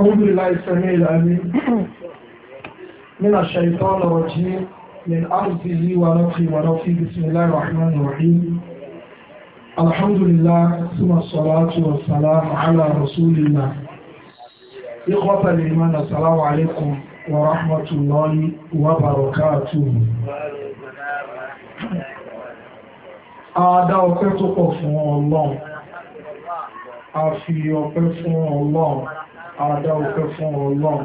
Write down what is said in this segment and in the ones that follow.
الحمد لله السميع العليم من الشيطان الرجيم من أرضه ونفخه ونفخه بسم الله الرحمن الرحيم الحمد لله ثم الصلاة والسلام على رسول الله إخوة الإيمان السلام عليكم ورحمة الله وبركاته Adá ọpẹ́ tó pọ̀ fún Ọlọ́run, a fi ọpẹ́ fún Ọlọ́run àdá òfẹ́ fún ọlọ́run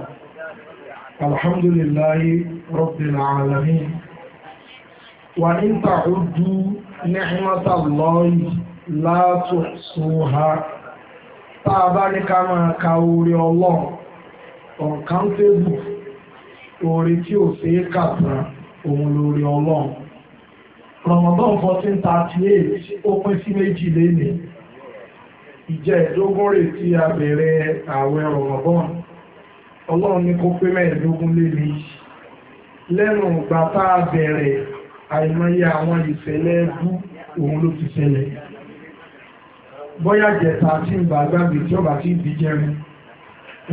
alhamdulillahi rabbil alamin wà ní tàúdú ni'matallahi la tuhsuha táa bá ní ká máa ka orí ọlọ́run uncountable orí tí ò sí kàtà òun lórí ọlọ́run Ramadan 1438 ó pín sí méjì lénìí ìjẹ́ ìdógún rè tí a bẹ̀rẹ̀ ààwẹ̀ rọ̀mọ̀bọ́n ọlọ́run ní kó pé mẹ́ẹ̀ẹ́dógún lé mi lẹ́nu ìgbà tá a bẹ̀rẹ̀ àìmọye àwọn ìṣẹ̀lẹ̀ ẹbú òun ló ti ṣẹlẹ̀ bóyá jẹta tí ń bá gbàgbé tí ọba tí ń di jẹrin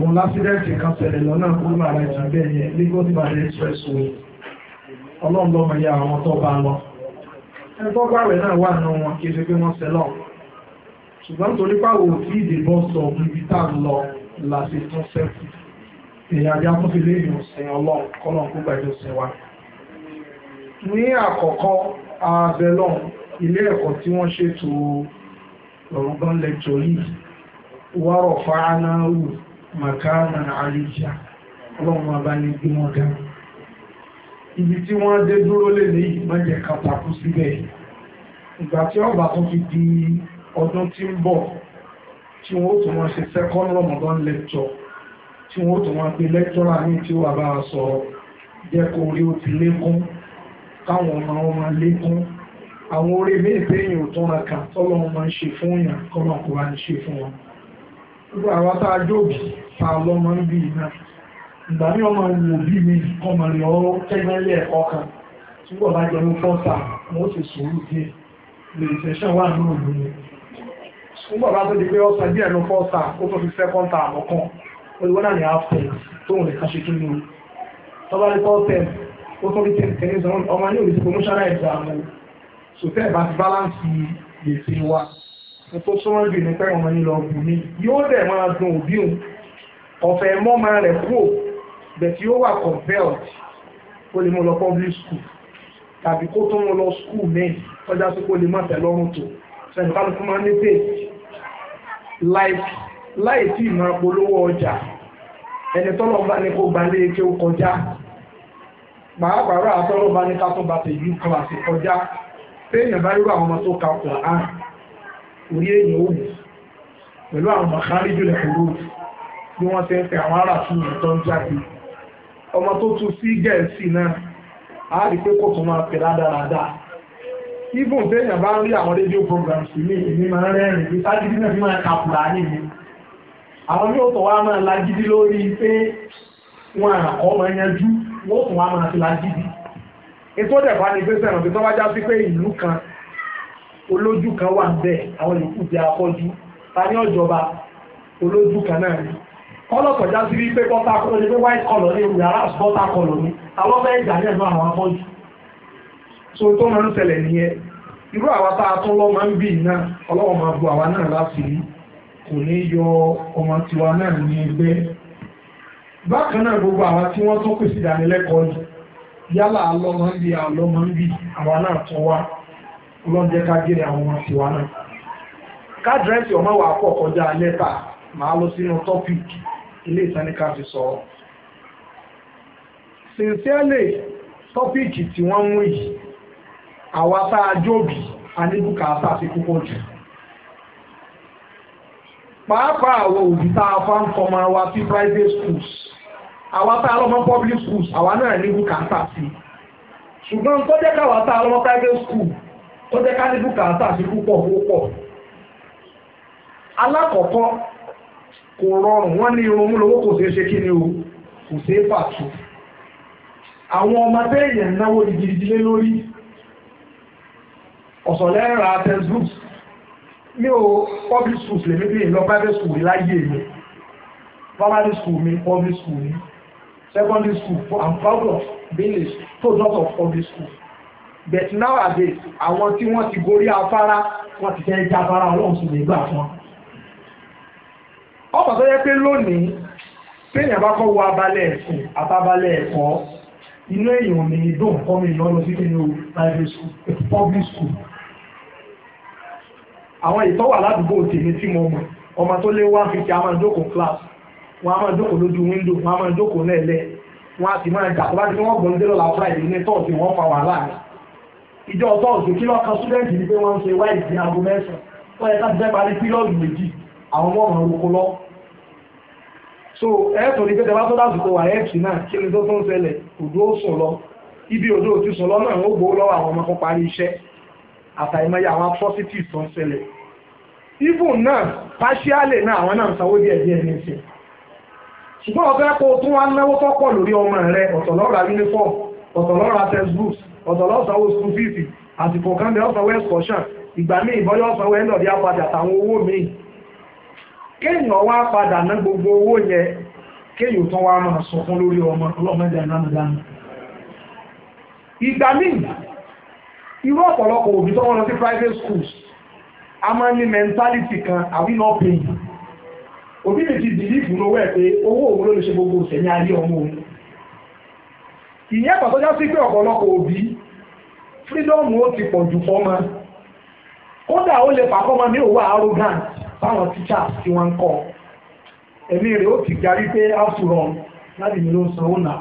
òun lásìrẹ́ǹtì kan ṣẹlẹ̀ lọ́nà kúrò máa rẹ̀ jù bẹ́ẹ̀ yẹn Lagos Ìbàdàn expressway ọlọ́run lọ́mọ ya àwọn tó bá lọ ẹni tó gbàwẹ̀ náà wà nù wọn kí n ṣe pé wọ́n ṣẹlọ́ọ̀ ṣùgbọ́n torí pàwọ̀ tí ìdìbọn sọ ibi tá a lọ láti tún sẹ́kù èèyàn ajá tó fi lé ìrìnsìn ọlọ́run kọ́lọ́n kó gbàjọ sìn wa. ní àkọ́kọ́ abẹ́lọ́n ilé ẹ̀kọ́ tí wọ́n ṣètò ọ̀rọ̀gbọ́n lẹ́jọ́ yìí wárọ̀ fáánáwù màkánà àríjà ọlọ́run abánigbé wọn ga. ibi tí wọ́n dé dúró lè ní ìmọ̀jẹ̀ kàtàkù síbẹ̀ ìgbà tí ọba tó fi di ọdún tí ń bọ̀ tí wọ́n tún wọ́n ṣe second Ramadan lecture tí wọ́n tún wọ́n pe lecturer ní tí wà bá sọ jẹ́ kó rí ó ti lékún káwọn ọmọ wọn máa lékún àwọn orí ilé ìpéyìn ò tún ra kà tọ́lọ́ wọn máa ń ṣe fún yàn kọ́nà kó wá ń ṣe fún wọn. gbogbo àwa tá a jóòbí tá a lọ́ máa ń bí iná ìgbà ní ọmọ wò bí mi kọ́ máa lọ tẹ́gbẹ́lẹ́ ẹ̀kọ́ kan tí wọ́n bá jẹun fọ́ta wọ́n sì sòrò díẹ̀ lè ṣẹ̀ṣẹ̀ wà ní òdòdó nígbà bá tó di pé ọ̀sán díẹ̀ ló fọ́ sáà ó tó fi second term àkọ́kọ́ olùwọ́n náà ní half term tóun lè kàṣe tó lóru tọ́ba ní four term ó tó fi tẹ̀lé sọ ọmọ ní òbí promotional exam o so tẹ́ ẹ̀ bá ti balance gbèsè wa mo tó súnmọ́ jù ní pé ọmọ yìí lọ bù mí yóò dẹ̀ máa dun òbí òun ọ̀fẹ́ mọ́mọ rẹ̀ kúrò bẹ̀tí ó wà compelled ó lè mú lọ public school tàbí kó tó mú lọ school mẹ́rin tọ́já sí kó lè má tẹ̀ lọ́rùn tó ṣẹ̀ǹkálùkù máa ń ní page láì tí ìmọ̀ polówó ọjà ẹni tọ́lọ̀ bá ní kó gbalẹ̀ eke kọjá pàápàá àtọ́lọ̀ bá ní ká tó bá tèjú kan àti kọjá téèyàn bá rírọ àwọn ọmọ tó ka kùn án orí èèyàn ó wù pẹ̀lú àwọn ọmọ kan rí jùlẹ̀ kúrò bí wọ́n ti ń fẹ́ àwọn ará tún ìtọ́ ń jáde ọmọ tó tún sí gẹ̀ẹ́sì náà á rí pé kò tún máa pè rádaràda even téèyàn bá ń rí àwọn rédíò programs mi èmi máa ń rẹ́rìn bí sájídí náà fi máa kàpùrà ní mi àwọn ní òtò wa máa lagídí lórí pé wọn àkọ́ máa yanjú wọn òtò wa máa fi lagídí ètò ìdẹ̀fà ni pé sẹ́yìn òtítọ́ wájá sí pé ìlú kan olójú kan wà ń bẹ̀ àwọn yòókù ti akọ́jú ta ní ọ̀jọba olójú kan náà ni kọ́lọ̀kọ̀já sí wípé bọ́tà kọ́lọ̀ ni pé white color ni ìwé aláàsì bọ́tà color ni àwọn ọmọ ẹ̀jà náà náà àwọn so tó máa ń ṣẹlẹ̀ nìyẹn irú àwa tá a tún lọ ń bì náà ọlọ́wọ́ máa bu àwa náà láti rí kò ní yọ ọmọ tiwa náà ní ẹgbẹ́ bákan gbogbo àwa tí wọ́n tún pèsè ìdánilẹ́kọ̀ọ́ yìí yálà máa ń bì máa ń bì àwa náà tún wá ọlọ́njẹ́ ká gèrè àwọn ọmọ tiwa náà ọmọ pọ̀ fi sincerely tọ́pìkì tí wọ́n mú àwa tá a a púpọ̀ jù pàápàá àwọn òbí tá a fa ń fọmọ wa sí private schools àwa tá a public schools àwa náà ní sí ṣùgbọ́n tó jẹ́ tá a private school tó jẹ́ ká ní sí púpọ̀ púpọ̀ alákọ̀ọ́kọ́ kò rọrùn wọ́n ní irun lówó kò ni o kò ṣeé tu àwọn ọmọdé èèyàn náwó gidigidi ọ̀sán lẹ́ra textbooks mi ò public schools lè méjì lọ private school láyé mi primary school mi public school mi secondary school and proud of being a product of public school but nowadays àwọn tí wọ́n ti gorí afárá wọ́n ti fẹ́ jáfárá ọlọ́run sì lè gbà fún wọn. ọ̀pọ̀ tó yẹ pé lónìí téèyàn bá kọ́ wo abalẹ̀ ẹ̀sìn àtàbalẹ̀ ẹ̀kọ́ inú èèyàn mi dùn kọ́ mi lọ́nà sí kí ni o private school public school àwọn ìtọ́wà ládùúgbò tèmi tí mo mọ̀ ọmọ tó lé one fifty a máa jókòó class wọn a máa jókòó lójú window wọn a máa jókòó lẹ́lẹ́ wọn a sì máa jà tó bá ti fi wọ́n gbọ́n délọ́lá friday ní tọ́ọ̀sì wọ́n fa wàhálà rẹ̀ ìjọ tọ́ọ̀sì kí lọ́ọ̀kan student ni pé wọ́n ń ṣe wáyé sí aago mẹ́sàn-án wọ́n yẹ ká ti fẹ́ parí pílọ́ọ̀dù méjì àwọn ọmọ ọ̀ràn roko lọ so ẹ̀ẹ́tọ̀ ní pẹ́tẹ́ bá tó dásìkò wà ẹ̀ẹ́tì náà kí ni tó tó ń ṣẹlẹ̀ òdó sùn lọ ibi òdó ti sùn lọ náà àtàìmọye àwọn atrocities tó ń even náà partially náà àwọn náà ń sanwó díẹ̀ díẹ̀ ní ìsìn ṣùgbọ́n ọ̀fẹ́ kó o tún wá náwó tó pọ̀ lórí ọmọ rẹ ọ̀tọ̀ ló uniform ọ̀tọ̀ ló textbooks ọ̀tọ̀ ló sanwó school fees àsìkò kan bẹ́ẹ̀ ó sanwó excursion ìgbà míì ìbọ́lẹ̀ àtàwọn owó míì gbogbo owó yẹn kéèyàn tán wá máa sọ irú ọ̀pọ̀lọpọ̀ òbí tó wọ́n lọ sí private schools a máa ń ní mentality kan àbí not pay òbí lè ti bìlífù lówó ẹ̀ pé owó òun ló lè ṣe gbogbo ìṣẹ̀ní ayé ọmọ òun ìyẹn pàtó já sí pé ọ̀pọ̀lọpọ̀ òbí fírídọ́ọ̀mù ó ti pọ̀ jù fọ́mọ kódà ó lè pàkọ́mọ ní òwò arrogant báwọn tíṣà tí wọ́n ń kọ́ ẹ̀mí rẹ̀ ó ti garí pé áṣùrọ̀ láti mi ló ń sanwó náà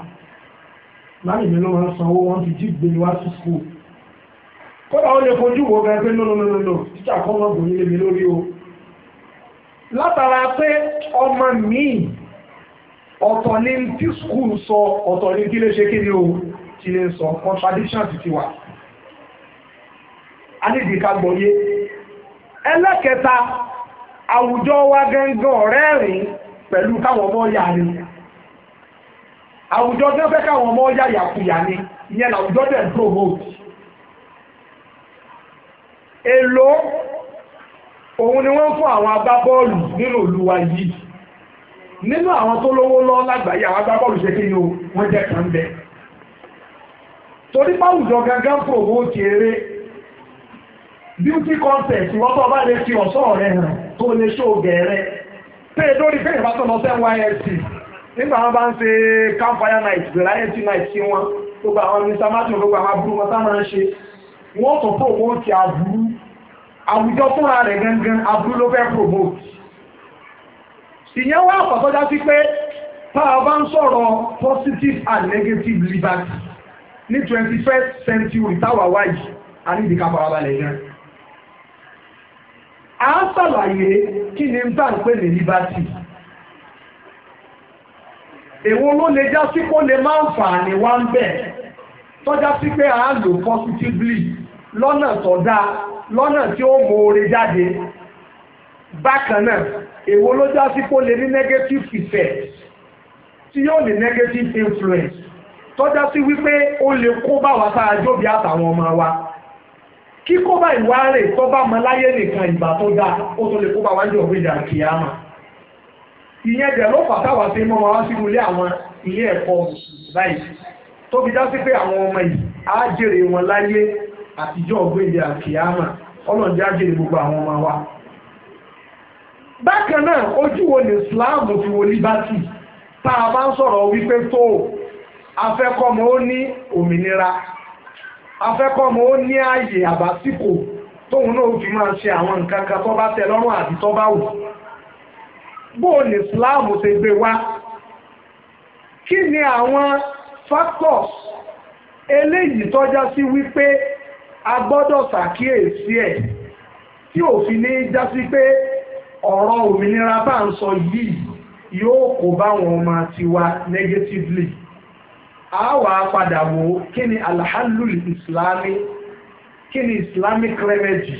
láti mi ló ń sanwó wọ́n ti jí gbé wá sí school kódà ó lè fojú wo gan pé nínú títà kọ́ mọ́ bùnú lèmi lórí o látara pé ọmọ mi, ọ̀tọ̀ ní tí skul sọ ọ̀tọ̀ ní kí lè ṣe kí ni o ti lè sọ contradiction ti ti wà a ní ìdíkà gbọ́yé ẹlẹ́kẹta àwùjọ wa gẹ́ngàn ọ̀rẹ́ rìn pẹ̀lú káwọn ọmọ yà ni àwùjọ gẹ́fẹ́ káwọn ọmọ yà yàkuyà ni ìyẹn làwùjọ dẹ̀ promote èlò òun ni wọ́n fún àwọn agbábọ́ọ̀lù nínú olúwa yìí nínú àwọn tó lówó lọ lágbàáyé àwọn agbábọ́ọ̀lù ṣe kí ni o wọ́n jẹ́ kan bẹ́ẹ̀ torí báwùjọ gangan fòwò ti eré beauty contest wọ́n tó bá lè fi ọ̀ṣọ́ rẹ̀ hàn tó lè ṣó gẹ̀ẹ́rẹ́ pé lórí fẹ́yìn bá tó lọ sẹ́ nysc nígbà wọn bá ń ṣe campfire night variety night sí wọn gbogbo àwọn mr martin gbogbo àwọn aburú wọn sá máa ń ṣe wọ́n tó fòwò ti aburú àwùjọ fúnra rẹ̀ gangan aburú ló fẹ́ promote ìyẹn wá àpàtọ́já sí pé tá a bá ń sọ̀rọ̀ positive and negative liberty ní twenty first century táwa wáyé a ní ìdíkà farabalẹ̀ gan. a ṣàlàyé kí ni n bá ń pè ní liberty èwo ló lè já sí kó lè máa ń fà ní wá ń bẹ̀ tọ́já sí pé a lò positively lọ́nà tó dáa lọ́nà tí ó mọ oore jáde bákan náà èwo ló já sí kó lè ní negative effect tí yóò ní negative influence tọ́já sí wípé ó lè kó bá wa sára jóbi àtàwọn ọmọ wa kíkó bá ìwà rẹ̀ tó bá mọ láyé nìkan ìgbà tó dáa ó tó lè kó bá wa jọ òwe ìjà kìíyàmà ìyẹn dẹ̀ ló fàtàwà sí mọ́ wọn sínú ilé àwọn ilé ẹ̀kọ́ báyìí tó fi já sí pé àwọn ọmọ yìí á jèrè wọn láyé àtijọ́ ọ̀gbẹ́ni àkìyámà ọlọ́run jẹ́ àjèrè gbogbo àwọn ọmọ wa. bákan náà ojú wo ni Islam fi wo liberty tá a bá ń sọ̀rọ̀ wípé tó afẹ́kọ́mọ ó ní òmìnira afẹ́kọ́mọ ó ní ààyè àbásíkò tóun náà fi máa ṣe àwọn nǹkan kan tó bá tẹ́ lọ́rùn àbí tó bá wù bó ni Islam ṣe gbé wá kí ni àwọn factors eléyìí tọ́já sí wípé a gbọ́dọ̀ ṣàkíyèsí ẹ̀ tí òfin ní já sí pé ọ̀rọ̀ òmìnira bá ń sọ yìí yóò kó báwọn ọmọ tiwa negatively a wà padà wò kí ni alhalul islami kí ni islamic remedy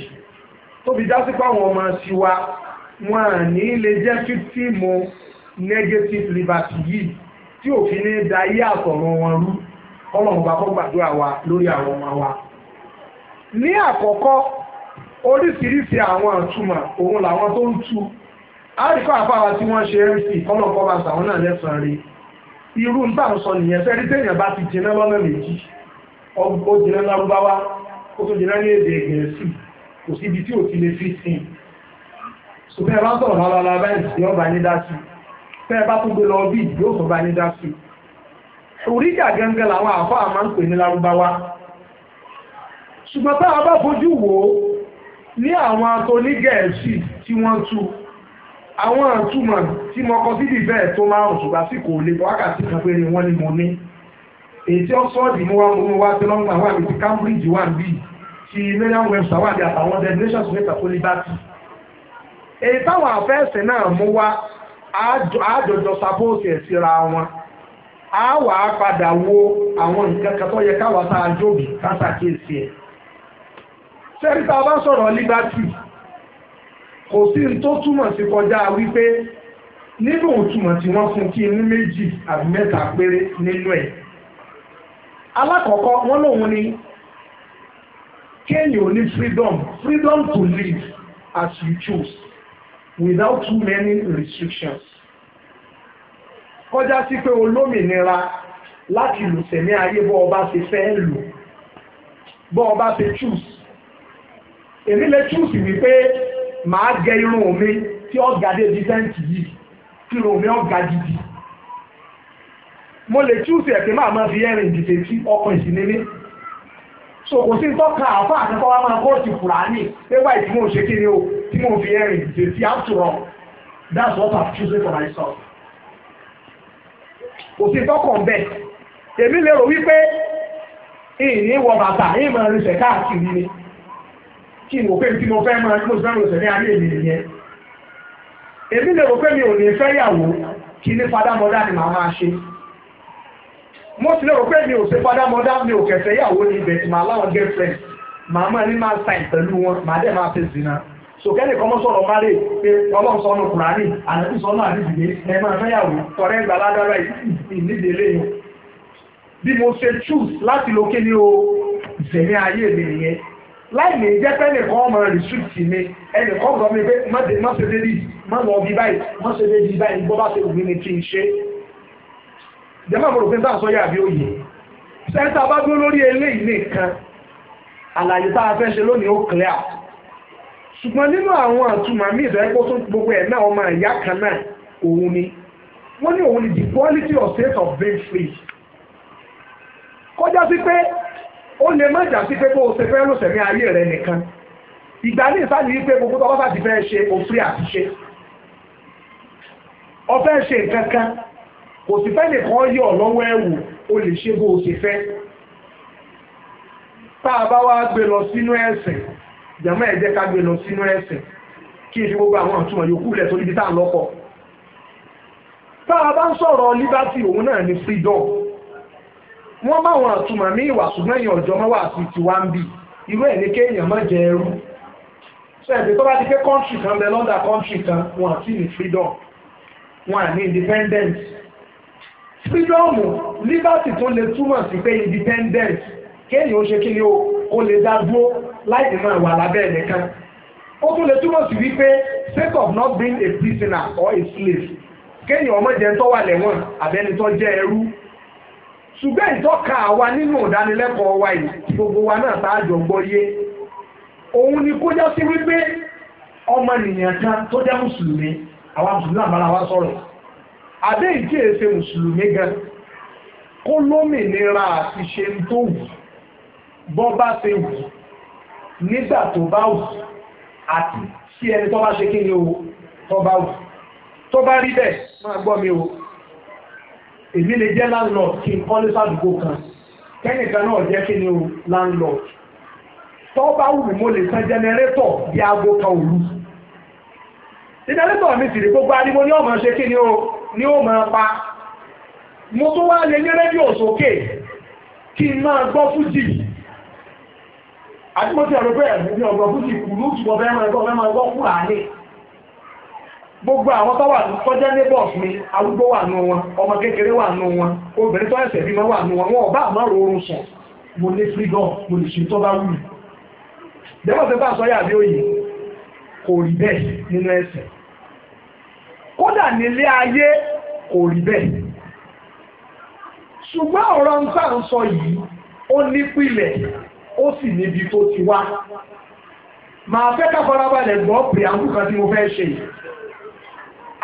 tó fi já sí pé àwọn ọmọ tiwa wọn à ní lè jẹ́ fífíìmù negative liberty yìí tí òfin ní da àtọ̀rọ̀ wọn rú ọlọ́run bá kọ́ gbàdúrà wa lórí àwọn ọmọ wa ní àkọ́kọ́ oríṣiríṣi àwọn àtúmọ̀ òun làwọn tó ń tu àríkọ́ àfáwà tí wọ́n ṣe mc kọ́lọ̀kọ́ bá sàwọn náà lẹ́sàn-án rí irú nípa ń sọ nìyẹn fẹ́rí téèyàn bá ti jìnnà lọ́nà méjì ó jìnnà lárúbáwá ó tó jìnnà ní èdè gẹ̀ẹ́sì kò sí ibi tí ò ti lè fi sìn ṣùgbọ́n ẹ bá sọ̀rọ̀ lálálá báyìí sí ọba ní dásì tẹ́ ẹ bá tún gbé lọ bí yóò sọ bá ní dásì òríjà gẹ́gẹ́ làwọn àfọ́ àmà ń pè ní lárúbáwá ṣùgbọ́n tá a bá fojú wò ó ní àwọn atónígẹ̀ẹ́sì tí wọ́n tú àwọn àtúmọ̀ tí mo kọ síbi bẹ́ẹ̀ tó máa ń ṣùgbọ́n sí kò lè wákàtí kan péré wọ́n ni mo ní èyí ọ̀sọ́ọ̀dì mú wa mú wa tí lọ́gbà wà ní Cambridge wà bí ti Merriam Webster wà ní àtàwọn denominations mẹ́ta tó mú wa a wà á padà wo àwọn nǹkan kan tó yẹ káwa tá a jóbi ká ẹ̀ sẹ́ríta bá sọ̀rọ̀ liberty kò sí tó túmọ̀ sí kọjá wípé nínú òtúmọ̀ tí wọ́n fún kí ní méjì àbí mẹ́ta péré nínú ẹ̀ alákọ̀ọ́kọ́ wọ́n lòun ni kéèyàn ní freedom freedom to live as you choose without too many restrictions kọjá sí pé olómìnira láti lùsẹ̀mí ayé bọ́ ọba ṣe fẹ́ lò bọ́ ọba ṣe choose èmi lè túùsì wípé màá gẹ irun mi tí ó ga dé dísẹ́ǹtì yìí tí irun mi ó ga gidi mo lè túùsì ẹ̀ pé màá máa fi ẹ̀rìn dìde tí ọkùnrin sì ní mí so kò sí tọ́ka àfa àtẹ́kọ́ wa máa kóòtù kùránì pépà tí mo ṣe kí ni o tí mo fi ẹ̀rìn dìde tí á tù rọ that's what I've chosen for myself kò sí tọ́kàn bẹ́ẹ̀ èmi lè rò wípé ìní wọ bàtà ìmọ̀ ẹ̀rìnṣẹ̀ káàkiri ni kí n wò pé tí mo fẹ́ máa tí mo sì fẹ́ràn òṣèré ayé mi nìyẹn èmi lè wò pé mi ò ní fẹ́ yàwó kí ní fadámọ́dá ni màá máa ṣe mo sì lè wò pé mi ò ṣe fadámọ́dá mi ò kẹ̀fẹ́ yàwó ní ibẹ̀ tí màá láwọn girlfriend màá máa ní máa sign pẹ̀lú wọn màá dẹ̀ máa fẹ́ zina sòkẹ́lì kan mọ́ sọ̀rọ̀ máre pé ọlọ́run sọ́nù kùránì àdàbí sọ́nù àdìsílẹ̀ ẹ máa fẹ́ yàwó tọ̀rẹ́ gbà ládára yẹn bí mo ṣe choose láti lo kí o ìṣẹ̀lẹ̀ ayé mi nìyẹn láì lè jẹ́ pé ẹnìkan ọmọ rìsíìtì mi ẹnìkan ọ̀gọ́ mi pé má ṣe dé bí má lọ bí báyìí má ṣe dé bí báyìí bọ́ bá ṣe òbí ni kí n ṣe. jẹ́mọ̀ mo rò pé báà sọ yà bí òye sẹ́ńtà bá dúró lórí eléyìí nìkan àlàyé tá a fẹ́ ṣe lónìí ó clear ṣùgbọ́n nínú àwọn àtúmọ̀ mi ìfẹ́ kó tún gbogbo ẹ̀ náà ọmọ ìyá kan náà òun ni wọ́n ní òun ni the quality of state of being free kọjá sí pé ó lè má jà sí pé kó o ṣe fẹ́ lò sẹ̀mí ayé rẹ nìkan ìgbà ní ìsáàlì yìí pé gbogbo tọ́kọ́ láti fẹ́ ṣe òfin àti ṣe ọfẹ́ ṣe nǹkan kan kò sì fẹ́ nìkan yọ lọ́wọ́ ẹ̀wù o lè ṣe bó o ṣe fẹ́ tá a bá wá gbé lọ sínú ẹ̀sìn jàmọ́ ẹ jẹ́ ká gbé lọ sínú ẹ̀sìn kí n fi gbogbo àwọn àtúmọ̀ yòókù lẹ̀ tó níbi tá à lọ́kọ̀ tá a bá ń sọ̀rọ̀ liberty òun náà ni freedom wọ́n máa wọn àtúmọ̀ ní ìwà ṣùgbọ́n èèyàn ọ̀jọ́ mọ́wà àti tiwa ń bì irú ẹ̀ ní kéèyàn má jẹ ẹrú sẹ́ẹ̀dì tó bá ti pé kọ́ńtì kan bẹ lọ́dà kọ́ńtì kan wọn àti ní freedom wọn à ní independence freedom liberty tó lè túmọ̀ sí pé independence kéèyàn ó ṣe kí ni o kó lè dá dúró láì ní máa wà lábẹ́ ẹ̀nìkan ó tún lè túmọ̀ sí wípé sake of not being a prisoner or a slave kéèyàn ọmọ jẹ́ ń tọ́wà lẹ́wọ̀n àbẹ́ni tó jẹ́ ṣùgbọ́n ìtọ́ka àwa nínú ìdánilẹ́kọ̀ọ́ wa yìí gbogbo wa náà tá gbọ́ yé òun ni kó já sí wípé ọmọnìyàn kan tó jẹ́ mùsùlùmí àwa mùsùlùmí àbára wa sọ̀rọ̀ àbẹ́ ìdí èsè mùsùlùmí gan kó lómìnira àti ṣe ń tó wù bọ́ bá ṣe wù nígbà tó bá wù àti sí ẹni tó bá ṣe kí ni o tó bá wù tó bá rí bẹ́ẹ̀ máa gbọ́ mi o èmi lè jẹ́ landlord kí n kọ́lé sádùúgbò kan kẹ́nìkan náà jẹ́ kí ni o landlord tó bá wù mí mo lè san jẹnẹrétọ̀ bí aago kan òru jẹnẹrétọ̀ mi sì rí gbogbo ariwo ní ọmọ ṣe kí ni o ní ó máa pa mo tún wá lè ní rédíò sókè kí n máa gbọ́ fújì àti mo ti ọ̀rọ̀ bẹ́ẹ̀ mo ti ọ̀gbọ́ fújì kùlù tí mo máa gbọ́ fẹ́ máa gbọ́ fúlàní. gbogbo àwọn tó wà ní neighbors mi arúgbó wà nù ọmọ kékeré wà nù wọn obìnrin tó ẹ̀sẹ̀ ma wà nù wọn wọn ọba àmọ́ oorun sọ mo ní freedom mo lè ṣe tó bá wù mí. bá sọ yà bí òye kò rí bẹ́ẹ̀ nínú kódà nílé ayé kò rí bẹ́ẹ̀ ṣùgbọ́n yìí ó ti wá màá fẹ́ gbọ́ pé àwọn kan tí mo fẹ́ ṣe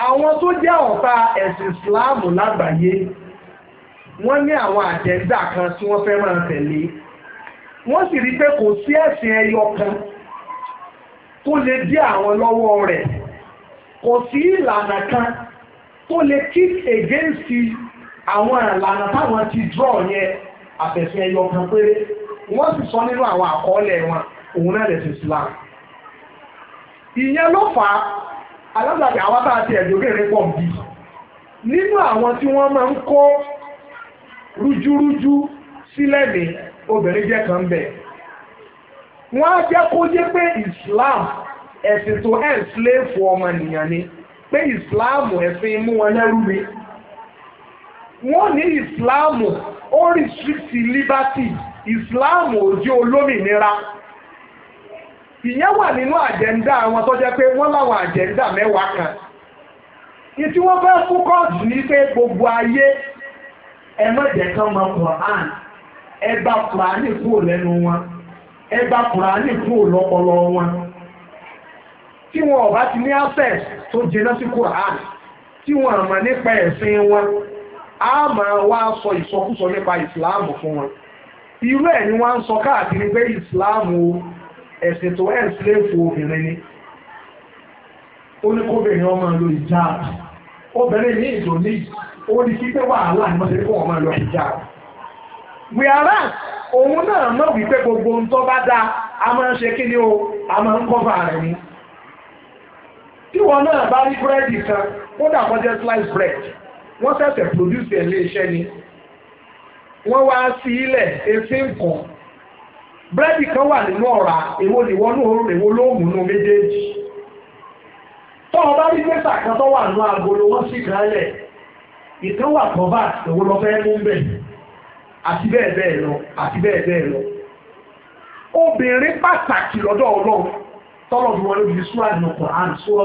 àwọn tó jẹ́ ọ̀tá ẹ̀sìn Islam lágbàáyé wọ́n ní àwọn àjẹ́ńdà kan tí wọ́n fẹ́ máa tẹ̀lé wọ́n sì rí pé kò sí ẹ̀sìn ẹyọ kan tó lè dí àwọn lọ́wọ́ rẹ̀ kò sí ìlànà kan tó lè kick against àwọn ìlànà táwọn ti draw yẹn àfẹ̀sìn ẹyọ kan péré wọ́n sì sọ nínú àwọn àkọọ́lẹ̀ wọn òun náà lẹ̀sìn Islam ìyẹn ló fà á alágbàgbà àwọn bá ti ẹ̀dùn kéèrè pọ̀ bí nínú àwọn tí wọ́n máa ń kó rújúrújú sílẹ̀ ní obìnrin jẹ́ kan bẹ̀ wọ́n á jẹ́ kó jẹ́ pé Islam ẹ̀sìn tó ẹ̀ sílẹ̀fù ọmọnìyàn ni pé Islam ẹ̀sìn mú wọn lẹ́rú mi wọ́n ní Islam ó restrict liberty Islam ò jẹ́ olómìnira ìyẹn wà nínú àjẹ́ndà àwọn tó jẹ́ pé wọ́n láwọn àjẹ́ndà mẹ́wàá kan ìtí wọ́n fẹ́ fókọ́ọ̀sì ní pé gbogbo ayé ẹ má jẹ́ kán mọ Quran ẹ bá Quran kúrò lẹ́nu wọn ẹ bá Quran kúrò lọ́pọlọ wọn tí wọn ò bá ti ní access tó jẹná sí Quran tí wọn àmọ́ nípa ẹ̀sìn wọn a máa wá sọ ìsọkúsọ nípa ìsìláàmù fún wọn irú ẹ̀ ni wọ́n ń sọ káàkiri pé islam o ẹ̀sìn tó ẹ̀ sílẹ̀fù obìnrin ni ó ní kóbìnrin ọmọ lo hijab obìnrin ní ìjò ní ó ní kí wàhálà ni wọ́n ti kó ọmọ lo hijab wíárà òun náà mọ̀ wípé gbogbo ohun tó bá a máa ń ṣe kí ni o a máa ń kọ́fà rẹ̀ ni tí náà bá rí búrẹ́dì kan wọ́n jẹ́ slice bread wọ́n produce ẹ̀ lé iṣẹ́ ni wọ́n wá sí ilẹ̀ nǹkan búrẹ́dì kan wà nínú ọ̀rá èwo ni wọ́n lóòrùn èwo lóòmù nù méjèèjì tó o bá rí pẹ́sà kan tó wà nínú agolo wọ́n sì kálẹ̀ ìkan wà kọ́bà èwo lọ fẹ́ mú bẹ̀ àti bẹ́ẹ̀ bẹ́ẹ̀ lọ àti bẹ́ẹ̀ bẹ́ẹ̀ lọ obìnrin pàtàkì lọ́dọ̀ ọlọ́run tọ́lọ̀ bí wọ́n ló fi súra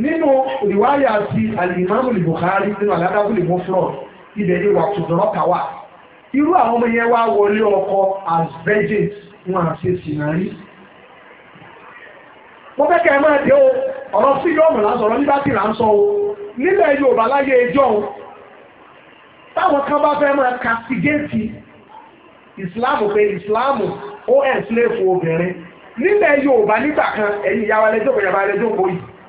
nínú ìwáyà ti alìmọ́mù Bukhari nínú aládábù ìmọ̀fúnrọ̀ ibẹ̀ ni wà tùdọ̀rọ̀ kàwà irú àwọn ọmọ yẹn wá wọlé ọkọ as virgins wọn à ṣe sì náà rí wọ́n fẹ́ kẹ́ ẹ máa dé o ọ̀rọ̀ sí yọ̀ọ̀mù lásọ̀rọ̀ nígbà tí là ń sọ o nílẹ̀ Yorùbá láyé ẹjọ́ o táwọn kan bá fẹ́ máa kàtìgéètì ìsìláàmù pé ìsìláàmù ó ẹ̀ sílẹ̀ fún obìnrin nílẹ̀ Yorùbá nígbà kan ẹ̀yin ìyá wa lẹ́jọ́ kò yàrá lẹ́jọ́ kò yìí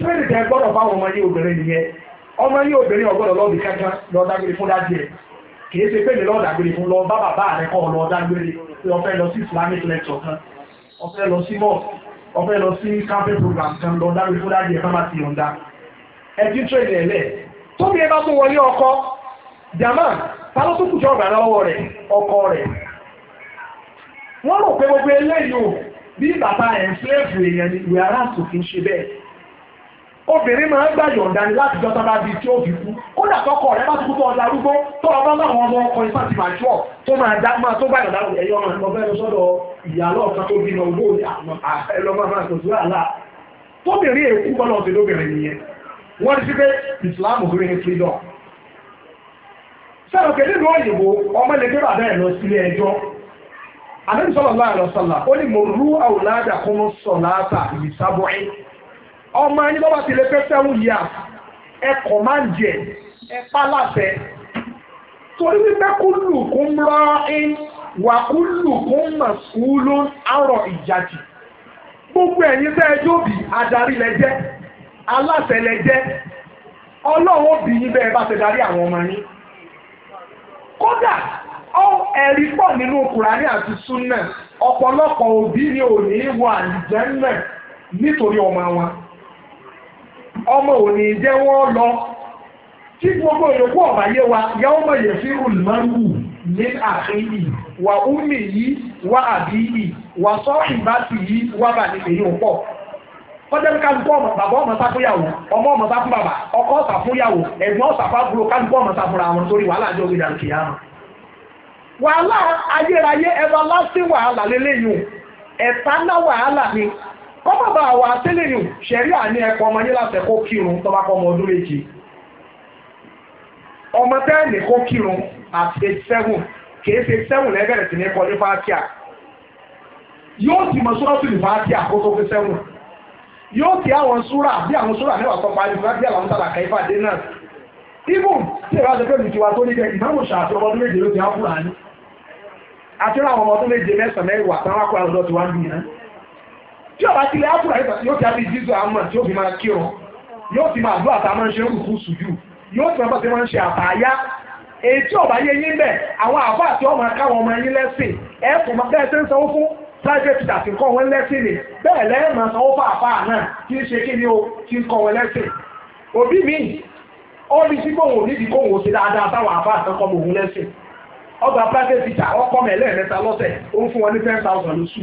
tíwèdì tẹ gbọ́dọ̀ bá ọmọ yìí obìnrin nìyẹn ọmọ yìí obìnrin ọgbọ́dọ̀ lọ́ọ̀bì kankan lọ dágbére fún dájú kìí ṣe pé mi lọ́ọ̀ dágbére fún lọ bá bàbá lọ dágbére lọ sí islamic lecture kan ọfẹ́ lọ sí mosque ọfẹ́ lọ sí camping program kan lọ dágbére fún dájú ẹ̀ fáwọn ti yọ̀ǹda ẹ ti tóbi ẹ bá wọlé ọkọ ọkọ rẹ. rò pé gbogbo eléyìí bí bàbá obìnrin máa ń gbà yọ̀ǹda ni láti jọta bá di tí ó fi kú kódà tọkọ rẹ bá ti kú tó ọjà arúgbó tó ọba láwọn ọmọ ọkọ ìfà ti máa ṣọ tó máa dá máa tó gbà yọ̀ǹda ẹ̀yọ́ máa lọ bẹ́ẹ̀ lọ sọ́dọ̀ ìyàlọ́ ọ̀kan tó bí ọgbó ẹlọ́mọ máa tòṣù àlá tóbìnrin èkú bọ́lá ọ̀sẹ̀ lóbìnrin nìyẹn wọ́n ti pé ìsìlámù kiri ní freedom sẹ́nu kẹ́lẹ́ ìlú òyìnbó ọmọ ilé gbéra bẹ́ẹ̀ lọ sílé ẹjọ́ àdéhùn sọ́lọ́ láàrọ̀ sọ́lá ó ní mo rú àwòlá àdàkùn sọ̀lá àtà ìsábọ̀ẹ́ ọmọ ẹni bọ́bá ti lè pé seven years ẹ máa jẹ torí wípé wà ìjàjì gbogbo ẹ̀yin tẹ́ ẹ jóbi adarí lẹ aláṣẹ lẹ ọlọ́run yín ọmọ yín kódà ẹ̀rí pọ̀ nínú kùránì àti súnà ọ̀pọ̀lọpọ̀ òbí ni ò ní wọ àlìjẹ́ náà nítorí ọmọ wọn. ọmọ ò ní jẹ́ wọ́n lọ tí gbogbo ìyókù ọ̀bà yé wa yàwó mọ̀ yẹ sí olùmọ́rù ní àkíyì wà úmì yìí wà àbíyì wà sọ́ọ̀hì bá sì yìí wà bà ní èyí ò pọ̀ kọjá ní kálukú ọmọ bàbá ọmọ sá fún yàwó ọmọ ọmọ sá fún wàhálà ayérayé everlasting wàhálà lélẹ́yìn ẹ̀tánná wàhálà ni kọ́mọ̀ bá wà tẹ́lẹ̀ yìí ṣẹ̀rí àní ẹ̀kọ́ ọmọ yín láti ẹ̀kọ́ kírun tó bá kọ́ ọmọ ọdún méje ọmọ tẹ́ẹ̀nì kó kírun at age seven kìí seven lẹ́bẹ̀rẹ̀ sí ní ẹ̀kọ́ ní fàákíà yóò ti mọ súrọ́sù ní fàákíà kó tó fi seven yóò ti àwọn súrà bí àwọn súrà mẹ́wàá tó parí fún bí àwọn sábà kàífà dé náà ibùn tí ìwà ṣe pé mi ti wá tó níbẹ̀ ìmáàmù ṣàtọ́ ọdún méje ló ti á fúra ní àti àwọn ọmọ ọdún tí ọba ti lè ápùrà ìgbà yóò ti àbí jíjọ àmọ́ tí ó fi máa kírun yóò ti máa dúà tá a máa ń ṣe rúkú sùjú yóò ti máa ń ṣe àtàyá èyí tí ọba yé yín bẹ̀ àwọn àbá àti ọmọ akáwọn ọmọ yín lẹ́sìn ẹ kò máa bẹ́ẹ̀ ṣe ń sanwó fún private tutor ti kọ́ wọn lẹ́sìn ni bẹ́ẹ̀ lẹ́ẹ̀ máa sanwó fún àfa náà kí ń ṣe kí ni o kí ń kọ́ wọn lẹ́sìn òbí mi ọ́bí tí kò wò nídìí kò wò sí dáadáa táwọn àbá àtọkọ́ mọ̀ òun lẹ́sìn ọgbà private tutor ọkọ mẹ́lẹ́ẹ̀mẹ́ta lọ́sẹ̀ ó ń fún wọn ní ten thousand lóṣù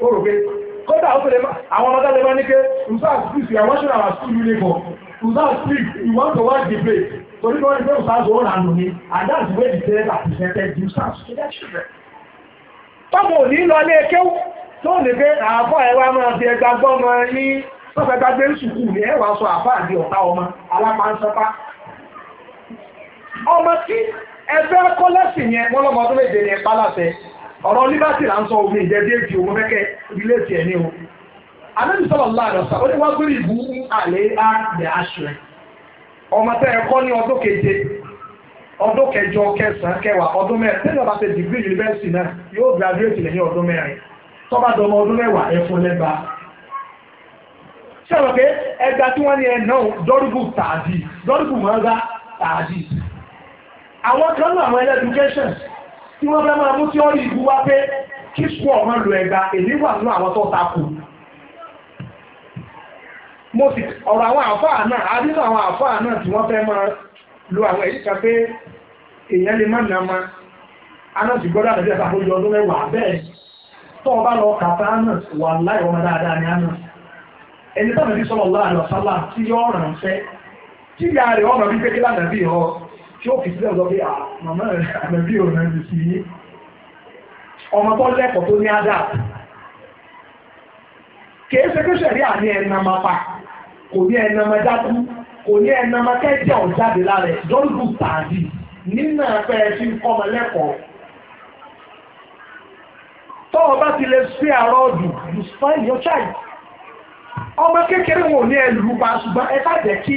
ó rò pé kódà ó tẹ̀lé àwọn ọmọdé lè máa ní pé ǹsá street àwọn ṣe àwọn school ní lagos ǹsá street you want to watch the play torí kí wọ́n ní pé ǹsá zò ó rànù ni and that's where the parents are presented to ǹsá to their children. tọ́mù ò ní lọ ilé kéwù tó lè pé àbọ̀ ẹ wá máa fi ẹgbà gbọ́mọ ní sọ́fẹ́ bá gbé sùkúù ní ẹwà sọ àbá àdé ọ̀tá ọmọ alápáńsápá ọmọ tí ẹgbẹ́ kọ́lẹ́sì yẹn wọ́n lọ́mọ ọdún méje ni ẹ ọ̀rọ̀ liberty là ń sọ omi ìjẹ́ déètì òun mẹ́kẹ́ ilé tiẹ̀ ní o anábì sọ̀rọ̀ láàrọ̀ sá ó ní wọ́n gbé ìbú àlẹ́ á bẹ̀ àṣẹ ọmọ tẹ́ ẹ kọ́ ní ọdún keje ọdún kẹjọ kẹsàn-án kẹwàá ọdún mẹ́rin tẹ́lẹ̀ bá ṣe degree university náà yóò graduate lẹ́yìn ọdún mẹ́rin tọ́ba dọmọ ọdún mẹ́wàá ẹ fún lẹ́gbàá sọ̀rọ̀ pé ẹgbà tí wọ́n ní ẹ náà dọ́rùbù tààdì dọ́rùbù mọ́gá tààdì àwọn kan náà àwọn ẹlẹ́dùkẹ́ṣọ̀n tí wọ́n fẹ́ máa mú tí wọ́n rí ìbú wá pé kí sùpọ̀ ọmọ lu ẹ̀gbà èmi wà nínú àwọn tó takù. mo sì ọ̀rọ̀ àwọn àfáà náà a nínú àwọn àfáà náà tí wọ́n fẹ́ máa lu àwọn èyí kan pé èèyàn lè má nà má aná sì gbọ́dọ̀ àtẹ̀jẹ́ àtàkójọ ọdún mẹ́wàá bẹ́ẹ̀ tó o bá lọ kàtà náà wà láì ọmọ dáadáa ní àná ẹni tó àmì sọ́lọ́ ọ̀la àlọ́ sálà tí yọ ọ̀ràn fẹ́ kí ìyá rẹ̀ ọ̀ràn wípé kí lánàá bí ọ̀ tí ó fi sílẹ̀ sọ pé màmá àmẹ́bí ò náà ti sí yé ọmọ tó lẹ́kọ̀ọ́ tó ní adáp kìí ṣe pé ṣẹ̀rí àní ẹ̀nà máa pa kò ní ẹ̀nà máa dákú kò ní ẹ̀nà máa kẹ́jẹ́ ọ̀ jáde lára ẹ̀ dọ́lù tàbí nínú ẹ̀fẹ́ ẹ̀fí kọ́mọ lẹ́kọ̀ọ́ tó o bá ti lè sí àárọ̀ ọdún you spoil your child ọmọ kékeré wọn ò ní ẹlù pa ṣùgbọ́n ẹ bá jẹ́ kí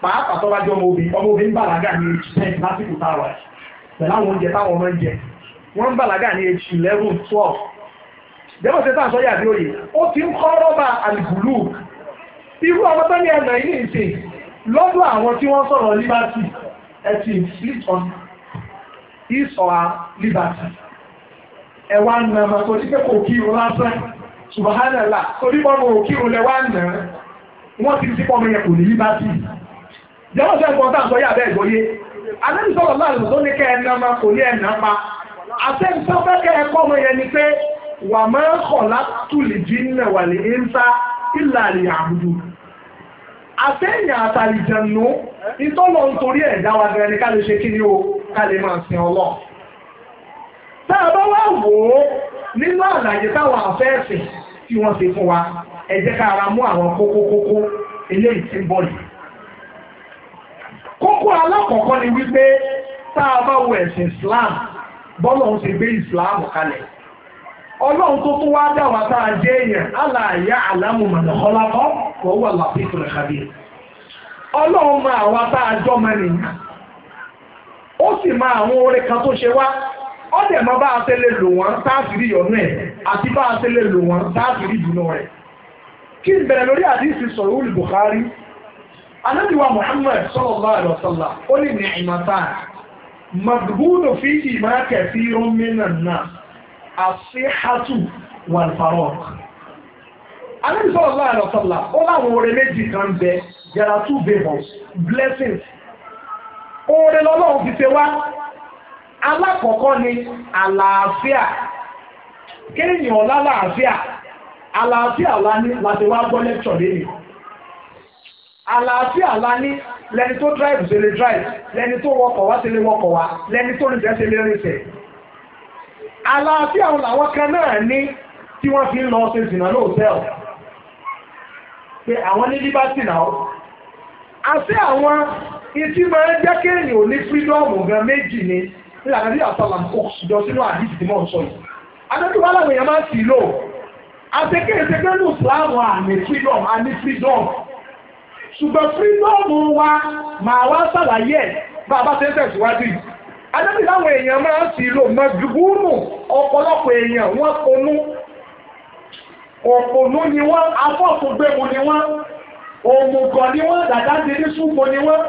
pàápàá tó bá jẹ́ ọmọ obìnrin ọmọ obìnrin bàlágà ní age ten lásìkò táwọn ẹ̀ pẹ̀lú oúnjẹ táwọn ọmọ ń jẹ wọ́n bàlágà ní eleven twelve ṣe sọ́yà bí òye ó ti ń kọ́ rọ́bà àlùbùlù irú ọmọ tí wọ́n sọ̀rọ̀ liberty ti split liberty nà mà kò pé kò kí irun lásán torí mọ́ mo kí irun nà wọ́n ti jẹ́wọ́n sọ ẹ̀kọ́ táà sọ yà bẹ́ẹ̀ gbọ́yé alẹ́ni sọ̀rọ̀ láàrin tó ní kẹ́ ẹ̀nà ma kò ní ẹ̀nà ma àtẹ́ni tó fẹ́ kẹ́ ẹ̀kọ́ ọmọ yẹn ni pé wà máa ń kọ̀ látùlì jìnnà wà ní ìnsá ìlà àlè àbùdù àtẹ́yìn àtàlìjẹ̀nù ìtọ́lọ̀ nítorí ẹ̀dá wa gẹ̀rẹ̀ ní ká lè ṣe kí ni o ká lè máa sin ọlọ́ tá a bá wá wò ó nínú àlàyé táwọn àfẹ́ẹ̀sì tí wọ́n ṣe fún wa ẹ jẹ́ ká ara mú àwọn kókókókó eléyìí tí ń bọ̀ yìí kókó alákọ̀ọ́kọ́ ni wípé tá bá wo ẹ̀sìn Islam gbé Islam kalẹ̀ ọlọ́run tó tún wá dá tá a jẹ́ èèyàn aláàyá àlámùmọ̀lẹ́kọ́lákọ́ kò wà lápẹ́tù rẹ̀ kábíyè ọlọ́run máa wa tá a sì máa àwọn orin kan tó ṣe wá ó bá a ṣe lè lò wọ́n àti bá a ṣe lè anábìwá Muhammad sallallahu alaihi wasallam ó ní ní ìmọ̀ta magbudu fi ìmọ̀ kẹfì rọ́mìnà náà àṣìhàtù wàlfàrọ́k. anábì sallallahu alaihi wasallam ó láwọn oore méjì kan bẹ yàrá two favours blessings oore lọ́lọ́run fi ṣe wá alákọ̀ọ́kọ́ ni àlàáfíà kéèyàn lálàáfíà àlàáfíà la ní láti wá gbọ́ lẹ́kṣọ̀ lẹ́yìn àlàáfíà la ní lẹni tó drive ṣe lè drive lẹni tó wọkọ̀ wá ṣe lè wọkọ̀ wá lẹni tó rìnṣẹ́ ṣe lè rìnṣẹ́ àlàáfíà làwọn kan náà ní tí wọ́n fi ń lọ ṣe ìsìnà lóòtẹ́ẹ̀lì pé àwọn ní liberty náà àti àwọn ìtí máa ń jẹ́ kéèyàn ò ní freedom gan méjì ni nílànà bí àtàlà kò jọ sínú àdìsí tí mò ń sọ yìí adébíwá làwọn èèyàn máa ń sì lò àti kéèyàn ṣe pé ní ìsìláàmù freedom ṣùgbọ́n fírídọ́ọ̀mù wa màá wá ṣàlàyé ẹ̀ bá a bá ṣe ń tẹ̀síwájú yìí adájọ́ ìdáwọn èèyàn máa ń sì lò mọ́júgúrù ọ̀pọ̀lọpọ̀ èèyàn wọ́n konú òpònú ni wọ́n afọ́fúngbẹ́mu ni wọ́n òmùgọ̀ ni wọ́n dàdá ti ní súnmọ ni wọ́n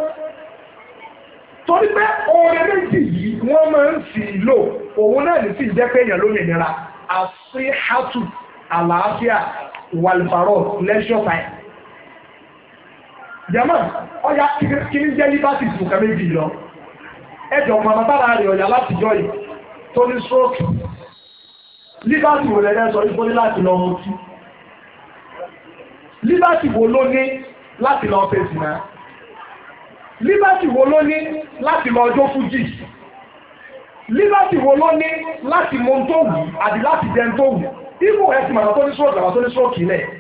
torí pé oore méjì yìí wọ́n máa ń sì lò òun náà ní sì jẹ́ pé èèyàn lómìnira àṣíhàtù àlàáfíà wàlùfàrọ̀ lẹ́ṣọ̀ time jẹ́mọ̀ ọya kìíní jẹ́ liberty fún kẹ́mí bì lọ ẹjọ́ ọmọ bàbá rẹ̀ ọ̀yà láti jọ yìí tó ní stroke liberty wò lẹ́rẹ́ sọ ìgbóni láti lọ wọn kí liberty wò ló ní láti lọ fèsì náà liberty wò ló ní láti lọ ọjọ́ fújì liberty wo ló ní láti mọ tó wù àti láti dẹn tó wù ibò ẹsìn màtà tó ní sọ́ọ̀kì àwọn tó ní sọ́ọ̀kì lẹ̀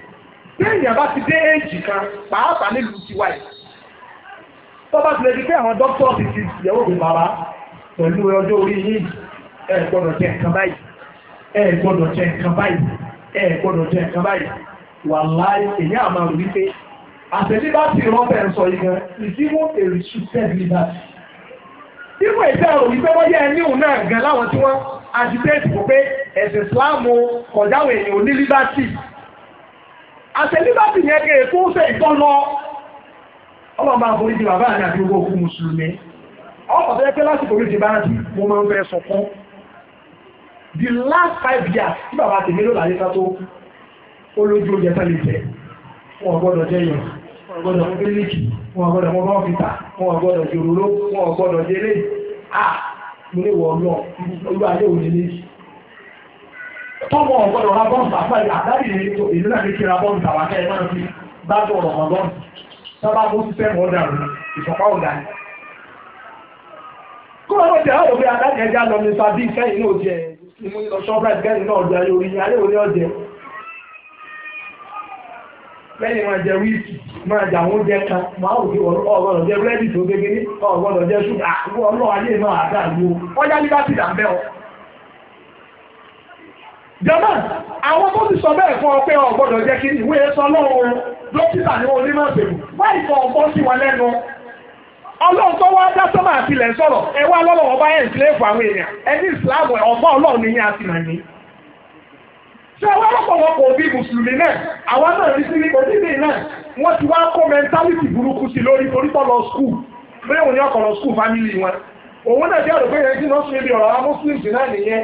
téèyàn bá ti dé èjì kan pàápàá nílùú tiwa yìí tó bá ti lè di pé àwọn dókítà ti ti ìyàwó mi bàbá pẹ̀lú ọjọ́ orí yìí ẹ gbọ́dọ̀ jẹ nǹkan báyìí ẹ gbọ́dọ̀ jẹ nǹkan báyìí ẹ gbọ́dọ̀ jẹ nǹkan báyìí wàláì èyí àmà rò wípé àtẹ̀lé bá ti rọ́bẹ̀ ń sọ yìí gan ìdíwọ́ èrè ṣù tẹ́lẹ̀ bá ti. dípò ìṣe àrò wípé wọ́n yẹ ẹni òun náà gan láwọn tí wọ́n agitate fún pé ẹ̀sìn Islam kọjáwé èèyàn onílíbàtì àtẹ̀lígbàtì yẹn kéré tó ń fẹ́ ìtọ́ lọ ọlọ́run bá forí di bàbá àti owó òkú mùsùlùmí ọkọ̀ tó yẹ pé lásìkò orí ti mo máa ń fẹ́ sọkún the last five years tí bàbá tèmi ló làyé ká tó ó lójú oúnjẹ tá lè jẹ wọn gbọ́dọ̀ jẹ yẹn wọn gbọ́dọ̀ mú bíríkì wọn gbọ́dọ̀ mú bọ́ọ̀fìtà wọn gbọ́dọ̀ jòròró wọn gbọ́dọ̀ jẹlé ah mo lè wọ ọlọ olú adé òní ní tọ́mọ ọ̀gbọ́dọ̀ ra bọ́ǹsà fún ẹ̀yà àdáyé èdè náà lè kí ra bọ́ǹsà wà kẹ́ ẹ̀ máa fi bá tó ọ̀rọ̀ mọ́gọ́n sábà bó ti fẹ́ mọ́ dàrú ìfọ̀pá ọ̀gá ni. kó lọ́wọ́ ti àwọn òbí adájọ́ ẹja lọ ní sábì kẹ́yìn náà jẹ ìmú lọ shoprite kẹ́yìn náà jẹ ayé orí alẹ́ òní ọ̀jẹ́ lẹ́yìn máa jẹ wíìsì máa jẹ àwọn oúnjẹ kan máa wò ó ọ̀gbọ́dọ̀ jẹ búrẹ́dì tó gbégé ní ọ̀gbọ́dọ̀ jẹ ṣúgà àwọn ọlọ́wà yìí máa jama àwọn tó ti sọ bẹ́ẹ̀ fún ọ pé ọ gbọ́dọ̀ jẹ́ kí ìwé sọ lọ́wọ́ dókítà ni wọn onímọ̀ ṣèlú báyìí kan ọ̀pọ̀ sí wọn lẹ́nu ọlọ́run tó wá dá sọ́mà àti ilẹ̀ sọ̀rọ̀ ẹ wá lọ́lọ́wọ́ bá ẹ̀ ń sílẹ̀ fún àwọn èèyàn ẹni ìsìláàmù ọ̀gbọ́n ọlọ́run ni yín àti nàní ṣé wọ́n lọ́pọ̀lọpọ̀ òbí mùsùlùmí náà àwa náà rí sí nípa òbí náà wọ́n ti wá kó mẹ́ńtálítì burúkú sí lórí torí tó lọ skul pé òun ní ọkọ̀ lọ skul fámìlì wọn òun náà jẹ́ àdókòyẹ sí nọ́ọ̀sì níbi ọ̀rọ̀ àwọn mùsùlùmí náà nìyẹn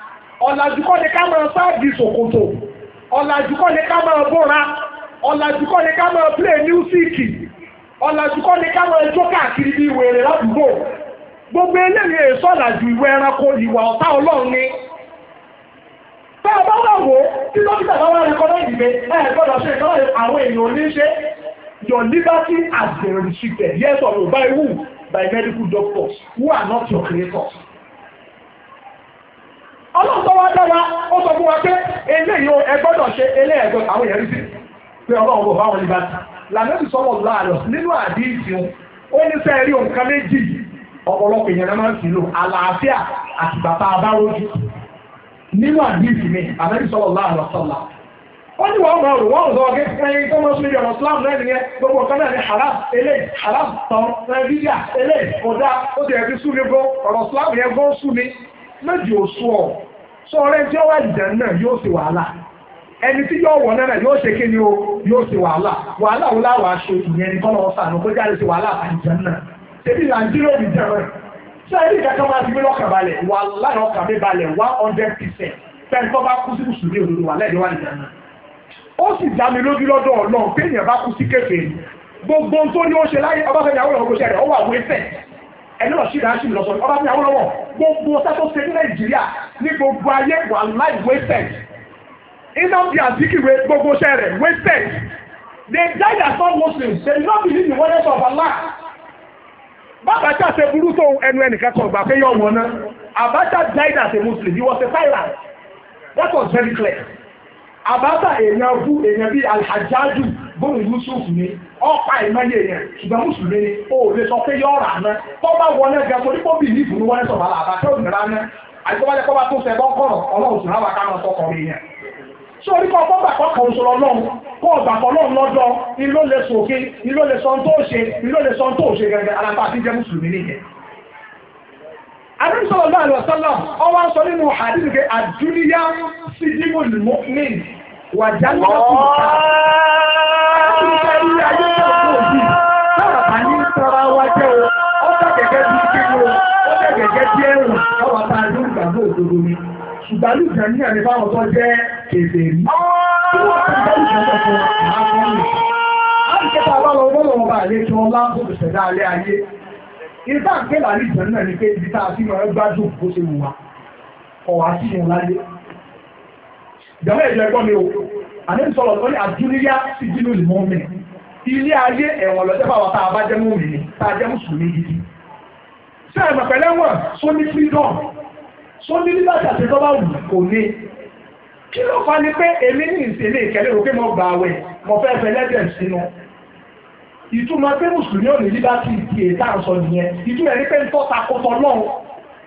ọ̀làjú kọ́ ni ká máa sáàdì ṣòkòtò ọ̀làjú kọ́ ni ká máa bóra ọ̀làjú kọ́ ni ká máa play music ọ̀làjú kọ́ ni ká máa jó káàkiri bíi wèrè ládùúgbò gbogbo eléyìí èso ọ̀làjú ìwé ẹranko ìwà ọ̀tá ọlọ́run ni bẹ́ẹ̀ bá wà wò tí dókítà bá wà rẹ́kọ́dọ̀ ìdìbẹ́ ẹ̀ gbọ́dọ̀ ṣe ìkọ́lẹ̀ àwọn èèyàn ní ṣe your liberty has been restricted yes or no by who by medical doctors who are not your creators kọ́ wa ó sọ fún wa pé eléyìí ẹ gbọ́dọ̀ ṣe eléyìí ẹ̀gbọ́n àwọn èèyàn rí sí pé ọlọ́run bò fáwọn ìbá làmẹ́sì sọ́wọ́ láàlọ́ nínú àdíìsì ó ní sẹ́ rí nǹkan méjì ọ̀pọ̀lọpọ̀ èèyàn máa ń sì lò àlàáfíà àti bàbá abárójú nínú àdíìsì mi àmẹ́sì sọ́wọ́ láàlọ́ sọ́lá ó ní wọ́n máa rò wọ́n rò sọ́wọ́ gẹ́gẹ́ ẹni tó mọ́ sí ibi ọ̀nà Islam náà nìyẹn gbogbo nǹkan náà ní haram elé haram tán nàìjíríà elé kódà ó ti ẹ̀ ti sú mi gbó ọ̀rọ̀ Islam yẹn gbó sú mi méjì ò sú ọ̀ sọ ọ̀rẹ́ tí ó wà ìjà náà yóò ṣe wàhálà ẹni tí yóò wọ̀ náà yóò ṣe kí ni o yóò ṣe wàhálà wàhálà wo láwà aṣọ ìyẹn ní kọ́lọ́ ọ̀sán kó jáde ṣe wàhálà àìjà náà ṣebí nàìjíríà mi jẹ́ rẹ̀ ṣé ẹni kankan máa fi mí lọ́kàn balẹ̀ wà láàrín ọkàn mi balẹ̀ one hundred percent fẹ́ẹ́ tó bá kú sí mùsùlùmí òdodo wà lẹ́yìn wà ìjà náà ó sì dá mi lójú lọ́dọ̀ ọlọ́run pé èèyàn bá kú sí kéfèé gbogbo ohun tó ní ó ṣe láyé ọbáfẹ́mi àwọn ọ̀gbọ̀n ṣẹlẹ̀ ó wà wẹ́fẹ̀ẹ́ ẹni lọ sí ìdáhásí mi lọ́sọ̀rọ̀ ọba mi àwọn ọlọ́wọ́ gbogbo sátó ṣe ní nàìjíríà ní gbogbo ayé wà láì wasted iná bí àdíkìwé gbogbo iṣẹ́ rẹ̀ wasted they die as all muslims they do not believe in one of allah bàbájá ṣe burú tó ẹnu ẹnìkan kan gbà pé yọ wọn náà abacha died as a muslim he was a tyrant that was very clear abacha èèyàn bú èèyàn bíi alhajaju bóun Yusuf ni ọ̀pá ìmọ̀lẹ̀ yẹn ṣùgbọ́n mùsùlùmí ni o ò lè sọ pé yọ ọ̀rà náà tó wọlé gan torí pé bíi ìlú ìbùnú wọlé sọ̀rọ̀ àbá tó nira náà àìsọ́wọ́lẹ́ kọ́ tó fẹ́ bọ́kọ̀rọ̀ ọlọ́run sùn láwa ká yẹn. sọ wàjá ní ọkùnrin ká. Àtúntà ilé ayé tó kú òbí. ní sọ́ra wá ní báwọn tó jẹ́ kèfè rí. Kí wọ́n ti bá lọ wọ́n lọ́wọ́ bá alẹ́ a fi ìjọba ìjọ ẹgbọ́n mi o àní sọ̀rọ̀ lórí àdúríyá sí jínú ìlú mọ́mí ilé ayé ẹ̀wọ̀n lọ́jọ́ bá wà tá a ni tá a jẹ́ mùsùlùmí gidi ṣé ẹ̀mọ̀ pẹ̀lẹ́ wọn sóní freedom sóní nígbàtí àtẹ́tọ́ bá wù kò ní kí ló fa ni pé èmi ní ìṣẹ̀lẹ̀ ìkẹlẹ́ rò pé mo gbà àwẹ̀ mo fẹ́ fẹ́ lẹ́dẹ̀ sínú ìtumọ̀ pé mùsùlùmí ò ní líbàtì ìdíyẹ tá à ń sọ nìyẹn ìtumọ̀ ẹni pé ń tọ́ta kótó náà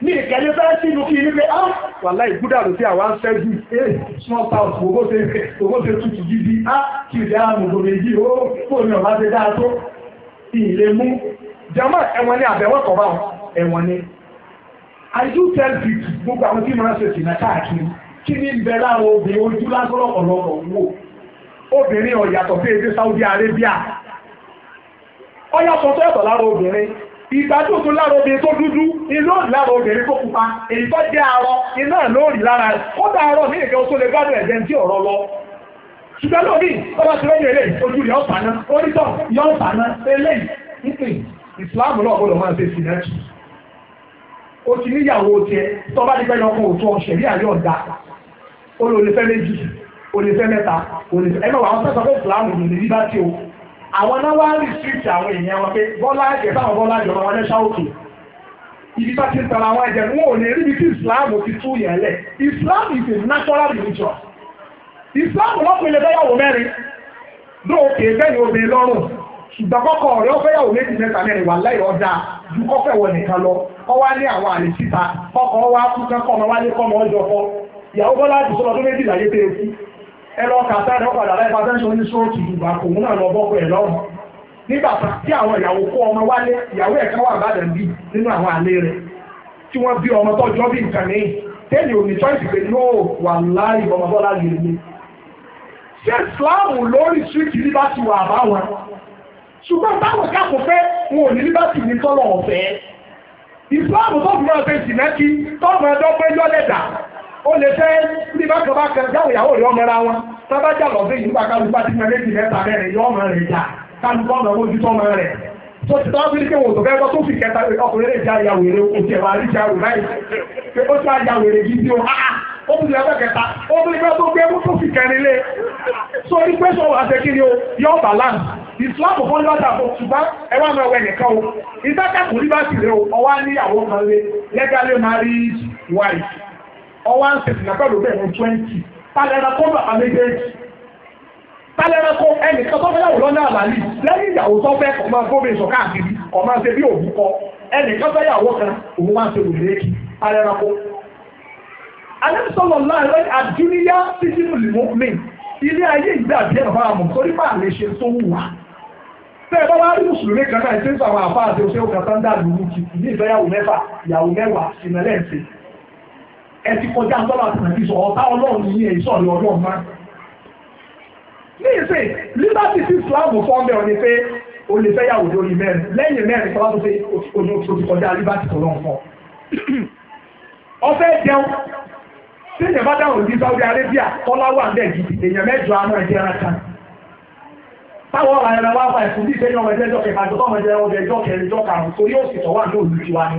ní ìkẹyẹ fẹ́ sínú kí pé ah wàláì gúdàrú tí àwọn ń eh, small town gidi ah kí ìdí àmùgbò méjì ó oh, fóònù ọ̀bá ṣe dáa tó ìlé mú jama ẹ̀wọ̀n ni àbẹ̀wọ̀ ni i do tell people gbogbo àwọn tí mo rán ṣe náà káàkiri kí ní bẹ láàrin obìnrin ojú lásán ọ̀pọ̀lọpọ̀ wò obìnrin ọ̀yàtọ̀ Saudi Arabia tó ìgbádùn tó lára obìnrin tó dúdú iná lára obìnrin tó pupa èyí tó jẹ́ arọ iná lórí lára rẹ̀ ó dá arọ ní ìkẹ́ oṣù lè gbádùn ẹ̀jẹ̀ tí ọ̀rọ̀ lọ ṣùgbọ́n lórí ọba tí lẹ́yìn eléyìí ojú rẹ̀ ọ̀pàná onítọ̀ yọ ọ̀pàná eléyìí nípe ìsìláàmù náà gbọ́dọ̀ máa ṣe sílẹ̀ jù o ti níyàwó tiẹ̀ tó bá ti fẹ́ lọ fún òtún ọ̀ṣẹ̀ bí àyọ̀ ọ̀dà o lè fẹ́ méjì o lè fẹ́ mẹ́ta o lè fẹ́ ẹ àwọn náà wá àwọn èèyàn wọn pé bọ́lá ẹ̀jẹ̀ táwọn bọ́lá wọn lẹ́ṣà òkè ibi bá ti ń tara àwọn ẹ̀jẹ̀ wọn ò ní rí tí Islam ti tú yẹn lẹ̀ Islam is a natural religion Islam wọ́n pinnu fẹ́yàwó mẹ́rin bẹ́ẹ̀ lọ́rùn ṣùgbọ́n kọ́kọ́ ọ̀rẹ́ ó fẹ́yàwó méjì mẹ́ta mẹ́rin wà láì ọjà ju kọ́fẹ́ ọ wá ní àwọn àlè síta kọ́kọ́ wá ọmọ ọjọ́ ìyàwó bọ́lá ẹlọ kàtàrí ọ̀padà láìpá tẹ́ṣọ́ ní sóòtù ìgbà kò mú náà lọ bọ́kọ̀ ẹ̀ lọ́rùn nígbà tí àwọn ìyàwó kó ọmọ wálé ìyàwó ẹ̀ka wà bá dẹ̀ bí nínú àwọn àlè rẹ̀ tí wọ́n bí ọmọ tó jọ bí nǹkan ní tẹ́lẹ̀ òní tọ́ìsì pé nóò wà láì ọmọ bọ́lá yìí ni ṣé ìsìláàmù lórí síwìtì líbàtì wà báwọn ṣùgbọ́n báwọn káàkó fẹ́ wọn ò ní líbàtì ní tọ́lọ̀ ọ̀fẹ́ ìsìláàmù tó fi máa fẹ́ sì mẹ́kí tọ́ọ̀mù ẹ̀dọ́gbẹ́jọ́ lẹ́dàá ó lè fẹ́ bí bákan bákan jáwé ìyàwó rẹ̀ ọmọ ra wọn sábà jà lọ sí ìgbà kálukú àti ìgbà méjì mẹ́ta mẹ́rin yọ ọmọ rẹ̀ jà kálukú ọmọ ojú tó ọmọ rẹ̀ tó ti tọ́wọ́ bíi kéwòn tó fẹ́ kọ́ tó fi kẹta ọkùnrin lè já ìyàwó rẹ̀ kò tiẹ̀ wá rí ìjà rẹ̀ báyìí pé ó ti àyàwó rẹ̀ gidi o ah, ó ti lẹ́fẹ̀ kẹta ó ti lẹ́fẹ̀ tó gbé tó fi kẹrin lé so ní pé sọ̀rọ̀ àtẹkiri o yọ balance Islam fún lọ́dà fún ṣùgbọ́n ẹ wá máa wẹ nìkan o ìtàkàkùn ní bá sì rẹ o ọwọ́ á ní àwọn kan lé lẹ́gàlẹ́ marriage wife ọwọ́ àǹsẹ̀sì náà pẹ̀lú bẹ́ẹ̀ ní twenty tálẹ́ra kó bàbá méjèèjì tálẹ́ra kó ẹnìkan tó fẹ́yàwó lọ́nà àlàlì lẹ́yìn ìyàwó tó fẹ́ kọ̀ máa gbóbe sọ káàkiri kọ̀ máa ṣe bí òbí kọ ẹnìkan fẹ́yàwó kan òun máa ṣe lòlẹ́ẹ̀kì tálẹ́ra kó. alẹ́sọ̀lọ́ láàrin àdúnyá sísínú lìmọ́mí ilé ayé ìgbà bí ẹ̀rọ máa mọ̀ torí máa lè ṣe tó wù wá. Bẹ́ẹ̀ bá wá rí Mùsùlùmí kan náà ìṣẹ́sọ àwọn àfáà àti oṣù kan sáńdà lùlù kìkì ní ìfẹ́yàwó mẹ́fà, ìyàwó mẹ́wàá, ìmọ̀lẹ́ǹsẹ̀, ẹ ti kọjá tọ́lá tìǹtì sọ ọ̀tá ọlọ́run ní èyí sọ̀rọ̀ ọlọ́run má. ní ìsìn liberty ti Islam fọ́n bẹ́ẹ̀ ni pé o lè fẹ́yàwó lórí mẹ́rin lẹ́yìn mẹ́rin tọ́lá tó ṣe oṣù kọjá liberty tọ́lọ́run fọ́. ọfẹ́ jẹun tí èèyàn bá dáhùn sí Saudi Arabia tọ́lá wà bẹ́ẹ̀ gidi èèyàn mẹ́jọ àmọ́ ẹ̀jẹ̀ ara kan táwọn ọ̀rọ̀ ẹ̀rọ wá fà ẹ̀fún bí ìṣẹ́yìn ọmọ ẹ̀jẹ̀ jọ́kẹ̀ẹ́ àjọ́kọ́ ọmọ ẹ̀jẹ̀ ọmọ ẹ̀jẹ̀ jọ́kẹ̀ẹ́ jọ́kàrún torí ó sì tọ́wà ní òlùkí wa ni.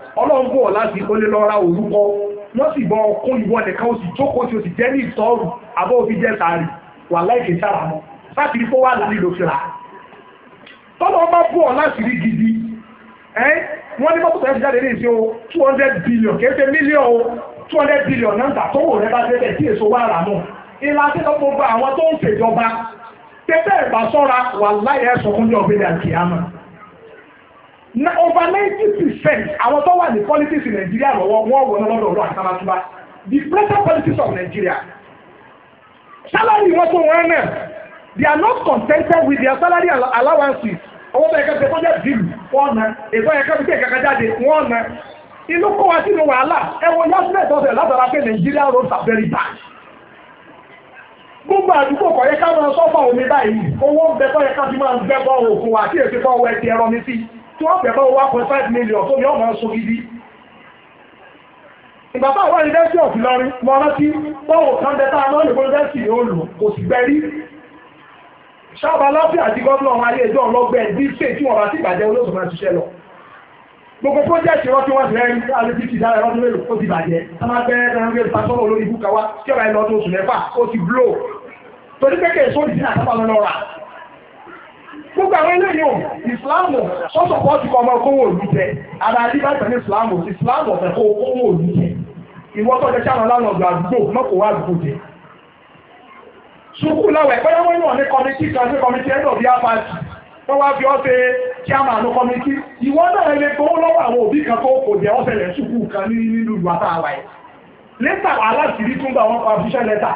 ọlọ́run bọ̀ láti olè lọ ra orúkọ wọ́n sì bọ ọkún ìwọ nìkan ó sì jókòó tí ó sì jẹ́ ní ìtọ́rù àbọ̀ òfin jẹ́ sàárì wà láìké sára mọ́ láti rí fọwọ́ àlàlí ló fi rà á tọ́lọ́ bá bọ̀ láti rí gidi ẹ́ wọ́n ní mọ́tò tó yẹ jáde ní ìsìn o two hundred billion kì two hundred billion náà tà tówó rẹ bá tẹ́tẹ̀ tí èso wà rà mọ́ ìlà tí na over ninety percent àwọn tó wà ní politics in Nigeria lọ́wọ́ wọ́n wọ lọ́dọ̀ ọ̀rọ̀ àtàbàtúbà the present politics of Nigeria salary wọn tó wọn náà they are not contented with their salary allowances owó tó yẹ kẹ́kẹ́ tó jẹ́ bílù wọ́n na èso yẹ kẹ́kẹ́ tó yẹ kẹ́kẹ́ jáde wọ́n na inú kó wa sínú wàhálà ẹ̀wọ̀n yasmin tó ṣẹlẹ̀ látara pé Nigeria roads are very bad gbogbo àdúgbò kọ̀ yẹ ká máa sọ́fà omi báyìí owó ń bẹ tó yẹ ká fi máa ń bẹ́ bọ́ òkun àti èsì fọ́wọ́ ẹ̀ ti ẹ̀rọ mi sí i tí wọ́n bẹ̀rẹ̀ one point five million tó ní ọmọ ọ̀sọ́ gidi ìgbà bá wà ní dẹ́sí ọ̀fìn lọ́rin mọ́ rántí bọ́wọ̀ kan bẹ́ẹ̀ tá a lọ́ọ̀lù kó dẹ́sí yóò lò kò sì gbẹ́rí ṣáàbà láfíà àti gómìnà wọn ayé ẹjọ́ ọlọ́gbẹ́ ní ṣe tí wọ́n bá ti bàjẹ́ olóṣù máa ṣiṣẹ́ lọ gbogbo pọ́jẹ́ẹ̀tì wọn tí wọ́n ti rẹ́rìn alẹ́bí ti dára ọdún mélòó ó ti bàjẹ́ támágbẹ́ ẹ̀rọ ìfàsọ́nà olórí ibùkà wa kí ọ̀rọ̀ ẹ̀ lọ́dún oṣù mẹ́fà ó ti blow torí pé kèé sóòdì sí àtàkùn ọ̀nà ọ̀rà gbogbo àwọn eléyìí ìsìláàmù sọ́sọ̀ pọ̀ ti kọ́ ọmọ kówó òlù jẹ ara adébáyọ̀ ní ìsìláàmù ìsìláàmù ọ̀fẹ́ kó kówó òlù jẹ ìwọ́n tó jẹ sáwọn lánàá àdúgbò mọ́kò wá àdúgbò jẹ. sùkúù láwẹ̀ pé wọ́n yàn ní kọ́mítì kan ní kọ́mítì end of year party tó wá fi ọ́sẹ̀ chairman ní kọ́mítì ìwọ́n náà lè gbowó lọ́wọ́ àwọn òbí kan tó kò jẹ́ ọ̀sẹ̀ lẹ̀ sùkúù kan ní nílùú àtàwáyé lẹ́tà aláṣìírí tún bá wọn pa official letter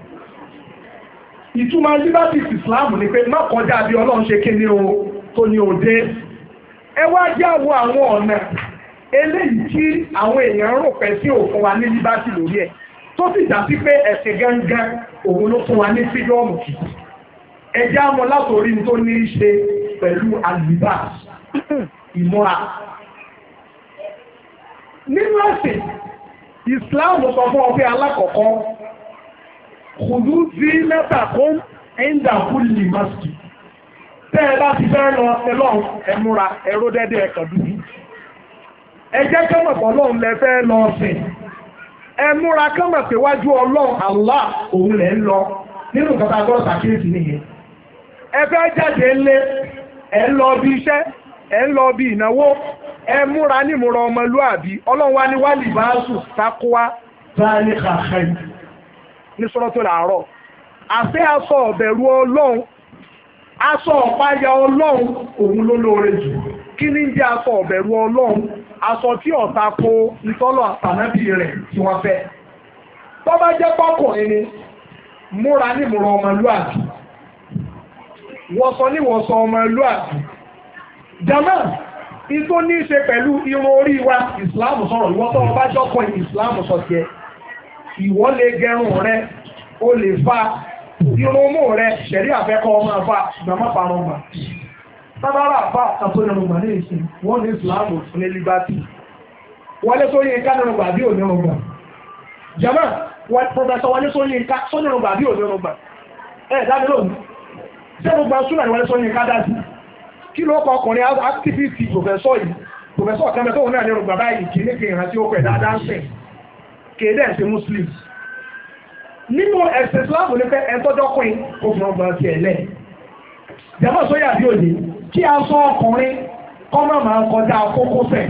ìtumọ̀ liberties islam ni pé má kọjá bí ọlọ́run ṣe kí ni o tó ní òde ẹ wá jáwọ àwọn ọ̀nà eléyìí tí àwọn èèyàn rò pẹ́ sí òfin wa ní liberty lórí ẹ̀ tó sì dá sí pé ẹ̀sìn gangan òun ló fún wa ní fídọ́ọ̀mù kì ẹ já mọ látòrí tó ní í ṣe pẹ̀lú àlùbá ìmúra nínú ẹ̀sìn islam sọ fún ọ pé alákọ̀ọ́kọ́ kùdú sí lẹ́tàkún ẹ̀ńdàkúlì mọ́sìkì tẹ́ ẹ bá ti fẹ́ lọ ẹlọ́run ẹmúra ẹró dẹ́dẹ́ ẹ̀kọ́ dúdú ẹ jẹ́ kẹ́mọ̀ pọ̀ lọ́run lẹ fẹ́ lọ sìn ẹmúra kẹ́mọ̀ pé wájú ọlọ́run Allah òun lẹ̀ ń lọ nínú nǹkan tá a gbọ́dọ̀ ṣàkíyèsí nìyẹn ẹ fẹ́ jáde ńlé ẹ ń lọ bí iṣẹ́ ẹ ń lọ bí ìnáwó ẹ múra nímúra ọmọlúàbí ọlọ́run wá ní wálìbáṣù tákúwá bá ní ní sọ́rọ́ tó làárọ̀ àti aṣọ ọ̀bẹ̀rù ọlọ́run aṣọ ọ̀páyà ọlọ́run òun ló lóore jù kí ní jẹ́ aṣọ ọ̀bẹ̀rù ọlọ́run aṣọ tí ọ̀tá kó nítọ́lọ̀ àtànábì rẹ̀ tí wọ́n fẹ́ tó bá jẹ́ pọ́kùnrin ni múra ní múra ọmọlúàbí wọ́sọ ní wọ́sọ ọmọlúàbí jama ìtó ní í ṣe pẹ̀lú irun orí wa ìsìláàmù sọ̀rọ̀ ìwọ́sọ̀ ọbájọ́kọ̀ ìsìláàmù sọ̀tì ẹ̀ ìwọ lè gẹrun rẹ o lè fa irun mú rẹ ṣẹ̀rí àfẹ́kọ́ ọmọ àfa ìgbàmọ́ parun mà sábàrà àfa àtọ́nàmùgbà ní ìsìn wọ́n ní ìsìláàmù fún líbátì wọlé sórí nǹkan nínú gbà bí òní ọgbà jama pọfẹsọ wọlé sórí nǹkan sórí nínú bí òní ọgbà ẹ dábí lónìí ṣé gbogbo asúnà ni wọlé sórí nǹkan dá sí kí ló kọ ọkùnrin activity pọfẹsọ yìí pọfẹsọ kẹmẹ tó náà nínú gbà báyìí kì kéde ẹ̀sìn muslim nínú ẹ̀sìn islam ní pé ẹ̀ńtọ́jọ́ pin kó fi wọn gbọ́n tiẹ̀ lẹ̀ jẹ́mọ̀ sóyà bí òde kí aṣọ ọkùnrin kọ́ má máa kọjá kókósẹ̀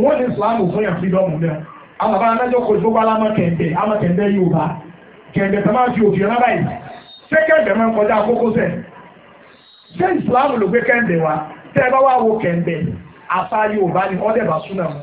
wọ́n ní islam fún yàn fídọ́mù náà àwọn bàbá anájọ́ kò tó wá lámà kẹ̀ǹdẹ̀ àmà kẹ̀ǹdẹ̀ yorùbá kẹ̀ǹdẹ̀ tó máa fi òfin rárá yìí ṣé kẹ̀ǹdẹ̀ máa kọjá kókósẹ̀ ṣé islam ló gbé kẹ̀ǹdẹ̀ wa tẹ́ ẹ bá wá wo kẹ̀ǹdẹ̀ àṣà yorùbá ni ọ́ dẹ̀ bá súnà wọn.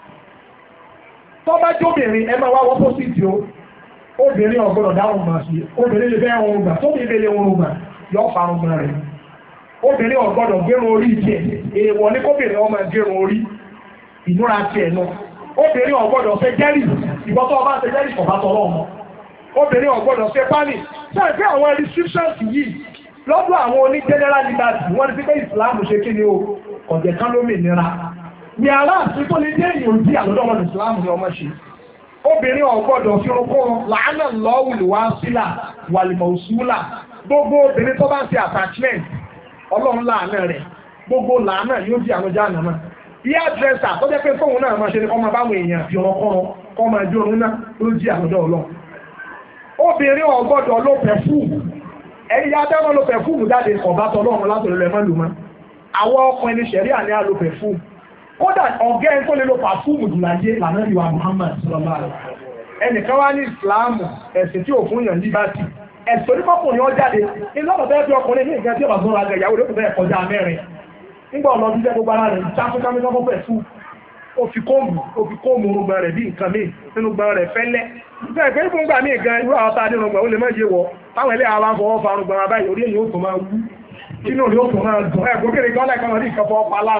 tó bá jóbìnrin ẹ máa wá wọ́pọ̀ sí ti o obìnrin ọ̀gbọ́dọ̀ dáhùn máa ṣe obìnrin lè fẹ́ ohun gbà tó bí ìbẹ̀lẹ̀ ohun gbà yọ parun gan rẹ̀ obìnrin ọ̀gbọ́dọ̀ gérun orí tiẹ̀ èèwọ̀ ní kóbìnrin ọmọ gérun orí ìnúra tiẹ̀ náà obìnrin ọ̀gbọ́dọ̀ fẹ́ jẹ́rì ìbọn tó ọba ṣe jẹ́rì kọ̀ọ̀bá tọ́lọ́ ọmọ obìnrin ọ̀gbọ́dọ̀ fẹ́ pálí sẹ́ẹ̀ fẹ́ àwọn restrictions yìí lọ́dọ̀ àwọn oní general liberty wọ́n ti fi pé ìsìlámù ṣe kí ni o ọ̀jẹ̀ kan lómìnira yàrá àti tó lè dé èyàn òdì àlọ́dọ̀ ọmọ ìsìlámù ni ọmọ ṣe obìnrin fi làánà lọ́wùlù wá sílà gbogbo obìnrin tó bá ń ṣe attachment ọlọ́run gbogbo làánà yóò di anụja jáàna náà adresa dresser tó jẹ́ pé fóun náà ni báwọn èèyàn fi kọ́ máa náà ló di ọlọ́run obìnrin ló ẹ̀yìn adẹ́wọ̀n ló jáde àwọn ọkùnrin kódà ọ̀gá ẹ̀ tó lè lo pàfúùmù jùláyé lànà ìwà Muhammad sọlọ́lá rẹ̀ ẹnìkan wá ní ìsìláàmù ẹ̀sìn tí òfin yàn líbàtì ẹ̀sìn oníkọ́kùnrin ọjáde ìlọ́pọ̀ bẹ́ẹ̀ bí ọkùnrin ní ìgbà tí ọba gbọ́n rajà ìyàwó lókùn bẹ́ẹ̀ kọjá mẹ́rin nígbà ọ̀nà ọdún jẹ́ gbogbo ara rẹ̀ jáfúnkámi fún kóòmù kóòmù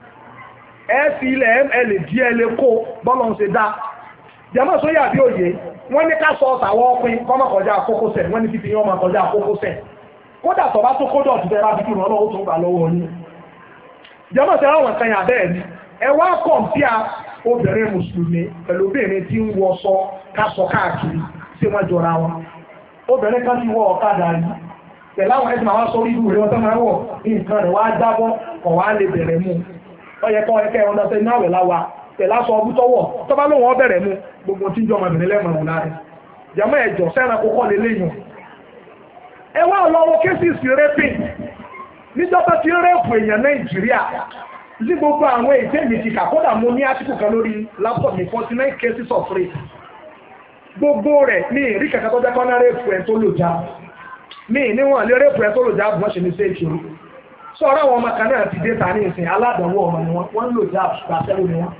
ẹ fi ilẹ̀ di lè kó bọ́lọ̀ ń ṣe dá jẹ́mọ̀ sóyè àbí òye wọ́n ní ká sọ ọ̀sàwọ́ ọpin kọ́mọ̀ kọjá kókósẹ̀ wọ́n ní fífi yán ọmọ kọjá kókósẹ̀ kódà tó bá tó kódà tó tẹ́ra ọlọ́wọ́ tó ń gbà lọ́wọ́ yín bẹ́ẹ̀ ni ẹ wá obìnrin mùsùlùmí pẹ̀lú obìnrin tí ń káàkiri tí wọ́n jọra ọyẹ kọ́ ẹkẹ́ ọ̀nà sẹ́ni náà wẹ̀ láwa tẹ̀lá sọ ọbú tọ́wọ̀ tọ́ba lóun ọ bẹ̀rẹ̀ mu gbogbo tí ń jọ ọmọbìnrin lẹ́mọ̀rún náà rẹ̀ jàmọ́ ẹ̀jọ̀ sẹ́ran kókọ́ lé léyìn. ẹ wá lọ́wọ́ kéṣìṣì rẹ́pìn níjọba tí rẹ́pù èèyàn nàìjíríà sí gbogbo àwọn èdè mi ti kà kódà mo ní átíkù kan lórí laptop mi forty nine cases of rape gbogbo rẹ̀ ní ìrí kàkàtọ́jà kọ́nà rẹ́pù ẹ̀ tó lò já mi ní wọn lé rẹ́pù ẹ̀ tó lò já bùn sọ̀rọ̀ àwọn ọmọ kan náà ti dé tani ìsìn aládàáwò ọmọ ni wọ́n wọ́n ń lò jáàbù gbàṣẹ́wò ni wọ́n.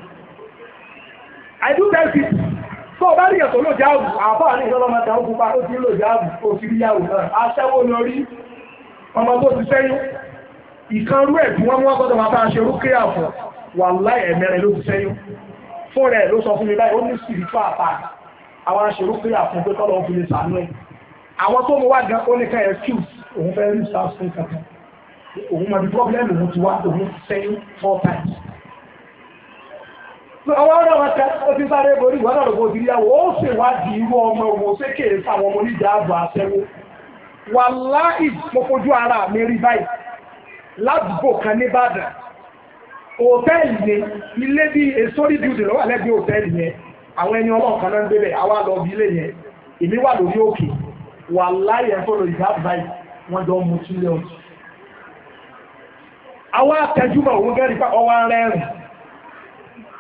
I do tell people tó o bá rí ìyàtọ̀ lò jáàbù àbá ní ìjọba máa ta ó pupa ó ti lò jáàbù ó ti rí yàwó náà aṣẹ́wó ni orí ọmọ tó ti sẹ́yìn ìkan rú ẹ̀ tí wọ́n mú wọn gbọ́dọ̀ máa bá aṣọ orúkẹ́ àfọ̀ wà láì ẹ̀mẹ́rin ló ti sẹ́yìn fún rẹ̀ ló sọ fún mi báyìí ó ní sì rìtú àpá àwọn aṣọ orúkẹ́ àfọ̀ pé kọ́lọ́ òfin lè sàánú ẹ̀ àwọn tó mú wá gan ó ní ká excuse òun fẹ́ rí sáà fún kankan òun mọ̀ bí pọ́blẹ́mù òun ti wá òun sẹ́yìn four times. ọwọ́ ọ̀rọ̀ wọn ká ó ti sáré borí ìwọ́n náà lọ́gbọ́n òbírí yàwó ó sì wá di irú ọmọ òun sékèé fáwọn ọmọ oníjà ààbò àṣẹwó wàláì mo fojú ara mi rí báyìí ládùúgbò kan ní Ìbàdàn òtẹ́ẹ̀lì ni ilé bí esori building lọ́wọ́ lẹ́gbẹ̀ẹ́ òtẹ́ẹ̀lì yẹn àwọn ẹni ọlọ́ọ̀kan náà ń débẹ̀ àwa lọ bí ilé yẹn èmi wà lórí òkè wàláì ẹ̀fọ́ lórí ìdáàbò báyìí wọ́n jọ mú sílẹ̀ ọ̀tún àwọn atẹjúmọ̀ òun gẹ́rì pé ọwọ́ rẹ́rìn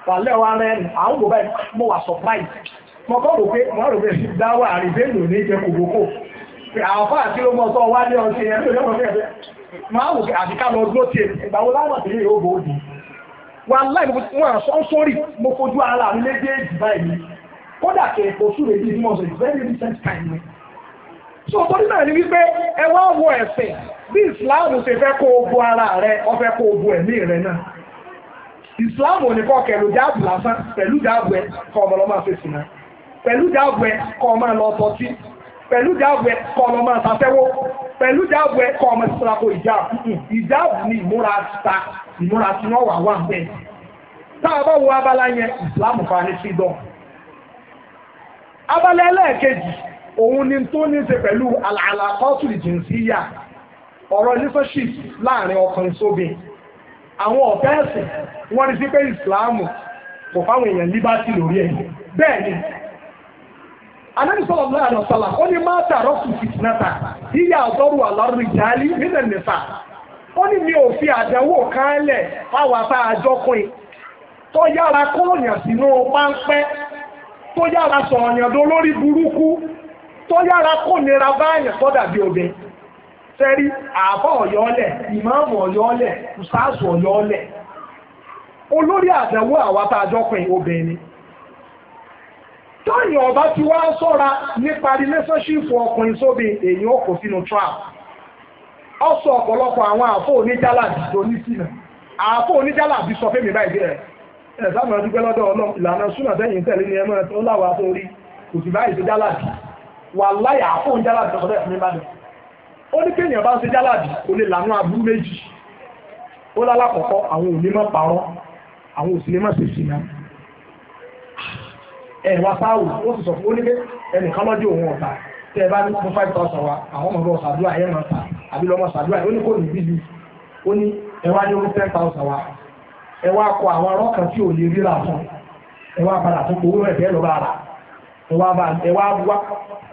pàlẹ́ ọwọ́ rẹ́rìn àwọn bò báyìí mo wà surprise mo kọ́ rò pé mo rò pé sí dáwọ́ àrídé lò ní ìjẹ kòkòkò àwọn fáà tí ó mọ sọ wá ní ọtí ẹni ò lọ́wọ́ fẹ́ẹ́ máa wò àti ká lọ dúró tiẹ̀ ìgbà wo láwọn so torí náà ni wípé ẹ wá wo ẹ̀sìn bí ìsìláàmù ṣe fẹ́ kó o bu ara rẹ ó fẹ́ kó o bu ẹ̀mí rẹ náà ìsìláàmù ò ní kọ́ kẹlò jáàbù lásán pẹ̀lú jáàbù ẹ kọ́ ọmọ lọ́mọ àfẹ́sì náà pẹ̀lú jáàbù ẹ kọ́ ọmọ lọ tọ́tí pẹ̀lú jáàbù ẹ kọ́ ọmọ máa sàfẹ́wó pẹ̀lú jáàbù ẹ kọ́ ọmọ ìsìláàmù ìjáàbù hmm, ìjáàbù ni ìmúra ta ìmúra tí wọ́n wà wà bẹ́ẹ̀ tá wo abala yẹn ìsìláàmù fa ní freedom abala ẹlẹ́ẹ̀kejì òun ni tó ní ṣe pẹ̀lú àlàkọ́tùlì jìnsíyà ọ̀rọ̀ relationship láàrin ọkùnrin sóbìn àwọn ọ̀fẹ́ ẹ̀sìn wọ́n rí sí pé ìsìláàmù kò fáwọn èèyàn liberty lórí ẹ̀ bẹ́ẹ̀ ni Ànábì sallallahu alaihi wasallam ó ní má tààrọ́ kù fìtìnàtà yíyá ọ̀dọ́rù àlọ́rù ìjálí nílẹ̀ nìfà ó ní mi ò fi àdánwò kánlẹ̀ fáwọn afá àjọkùnrin tó yára kóòyàn sínú páńpẹ́ tó yára sọ̀ọ̀yàn dolórí burúkú tó yára kò nira báyìí sọ́dà dàbí obìn sẹ́rí àbọ̀ ọ̀yọ́lẹ̀ ìmáàmù ọ̀yọ́lẹ̀ ìsáàsù ọ̀yọ́lẹ̀ olórí àdánwò àwọn àtàjọpin obìnrin tóyìn ọba tí wá sọ́ra nípa rìlẹ́sọ́ṣìpù ọkùnrin sóbi èyí ó sínú trap Ọ sọ ọ̀pọ̀lọpọ̀ àwọn àfọ tó wà láyà fún jálàbì ọ̀sọ̀dọ̀ ẹ̀fún ìbàdàn ó ní kéèyàn bá ń ṣe jálàbì kò lè lànà àbúrú méjì ó lálákọ̀ọ́kọ́ àwọn òní mọ̀ parọ́ àwọn òsì ní mọ̀ ṣe sí náà ẹ̀ wá ó sì sọ fún ó ní pé lọ́jọ́ òun tẹ́ ẹ bá ní fún five thousand wa àwọn ọmọ ọmọ ṣàdúrà máa ta àbí lọ́mọ ṣàdúrà ó ní ní bíbí ó ní tí ò lè fún ẹ wá padà tó ẹ̀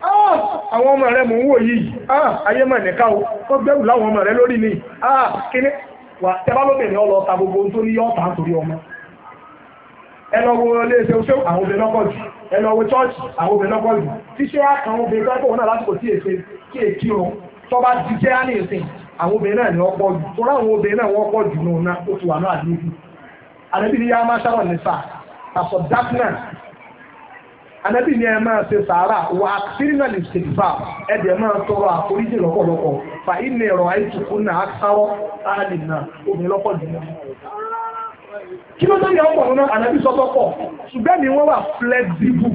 Ah, àwọn ọmọ rẹ mò ń wò yìí ah, ayé o tó gbẹrù láwọn ọmọ rẹ lórí mi ah, kíní wà tẹ́bá lóbìnrin ọlọ ta gbogbo tó ní yọ́ọ̀tà nítorí ọmọ ẹ lọ oṣù àwọn obìnrin lọ́kọ̀ jù ẹ lọ àwọn obìnrin lọ́kọ̀ jù tíṣẹ́ àkàn obìnrin tó ẹ̀kọ́ wọn náà lásìkò tí kí èkí o tó bá di jẹ́ ní ìsìn àwọn ti wà náà àdébí ni anabi ni ẹ máa ṣe sàárà wà criminal istighfar ẹ dẹ̀ máa tọrọ àforíjì lọpọlọpọ fa ị na-erọ náà sárọ́ áàlì náà obìnrin lọ́pọ̀ jùlọ. kí ló tó yẹ na nínú anabi sọ́tọ̀ pọ̀ ṣùgbọ́n mi wọ́n wà flexible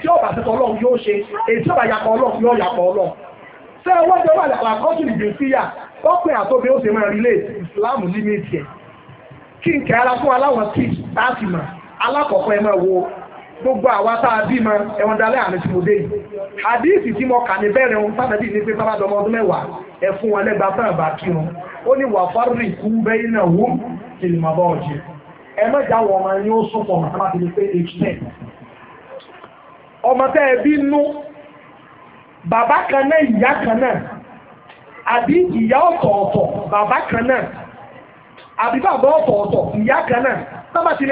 tí ọba yóò ṣe èyí tí ọba yóò ṣé wọ́n wà ó máa rí alákọ̀ọ́kọ́ ẹ máa gbogbo àwa tá a bímọ ẹ̀wọ̀n dalẹ́ àmì tí mo dé yìí àdíìsì tí mo kà ní bẹ́ẹ̀rẹ̀ wọn sábẹ́bí ní pé sábà dọmọ ọdún mẹ́wàá ẹ fún wọn lẹ́gbàá tán àbá kí wọn ó ní wà fárúrì kú bẹ́yìn náà wó kì í mọ̀ bá ọ̀jẹ̀ ẹ mẹ́ta wọ ọmọ yín ó sún pọ̀ mọ́ sábà ti ní pé h ten ọmọ tẹ́ ẹ bí nú bàbá kan náà ìyá kan náà àbí ìyá ọ̀tọ̀ọ̀tọ̀ bàbá kan náà àbí bàbá ọ̀tọ̀ọ̀tọ̀ ìyá kan náà sábà ti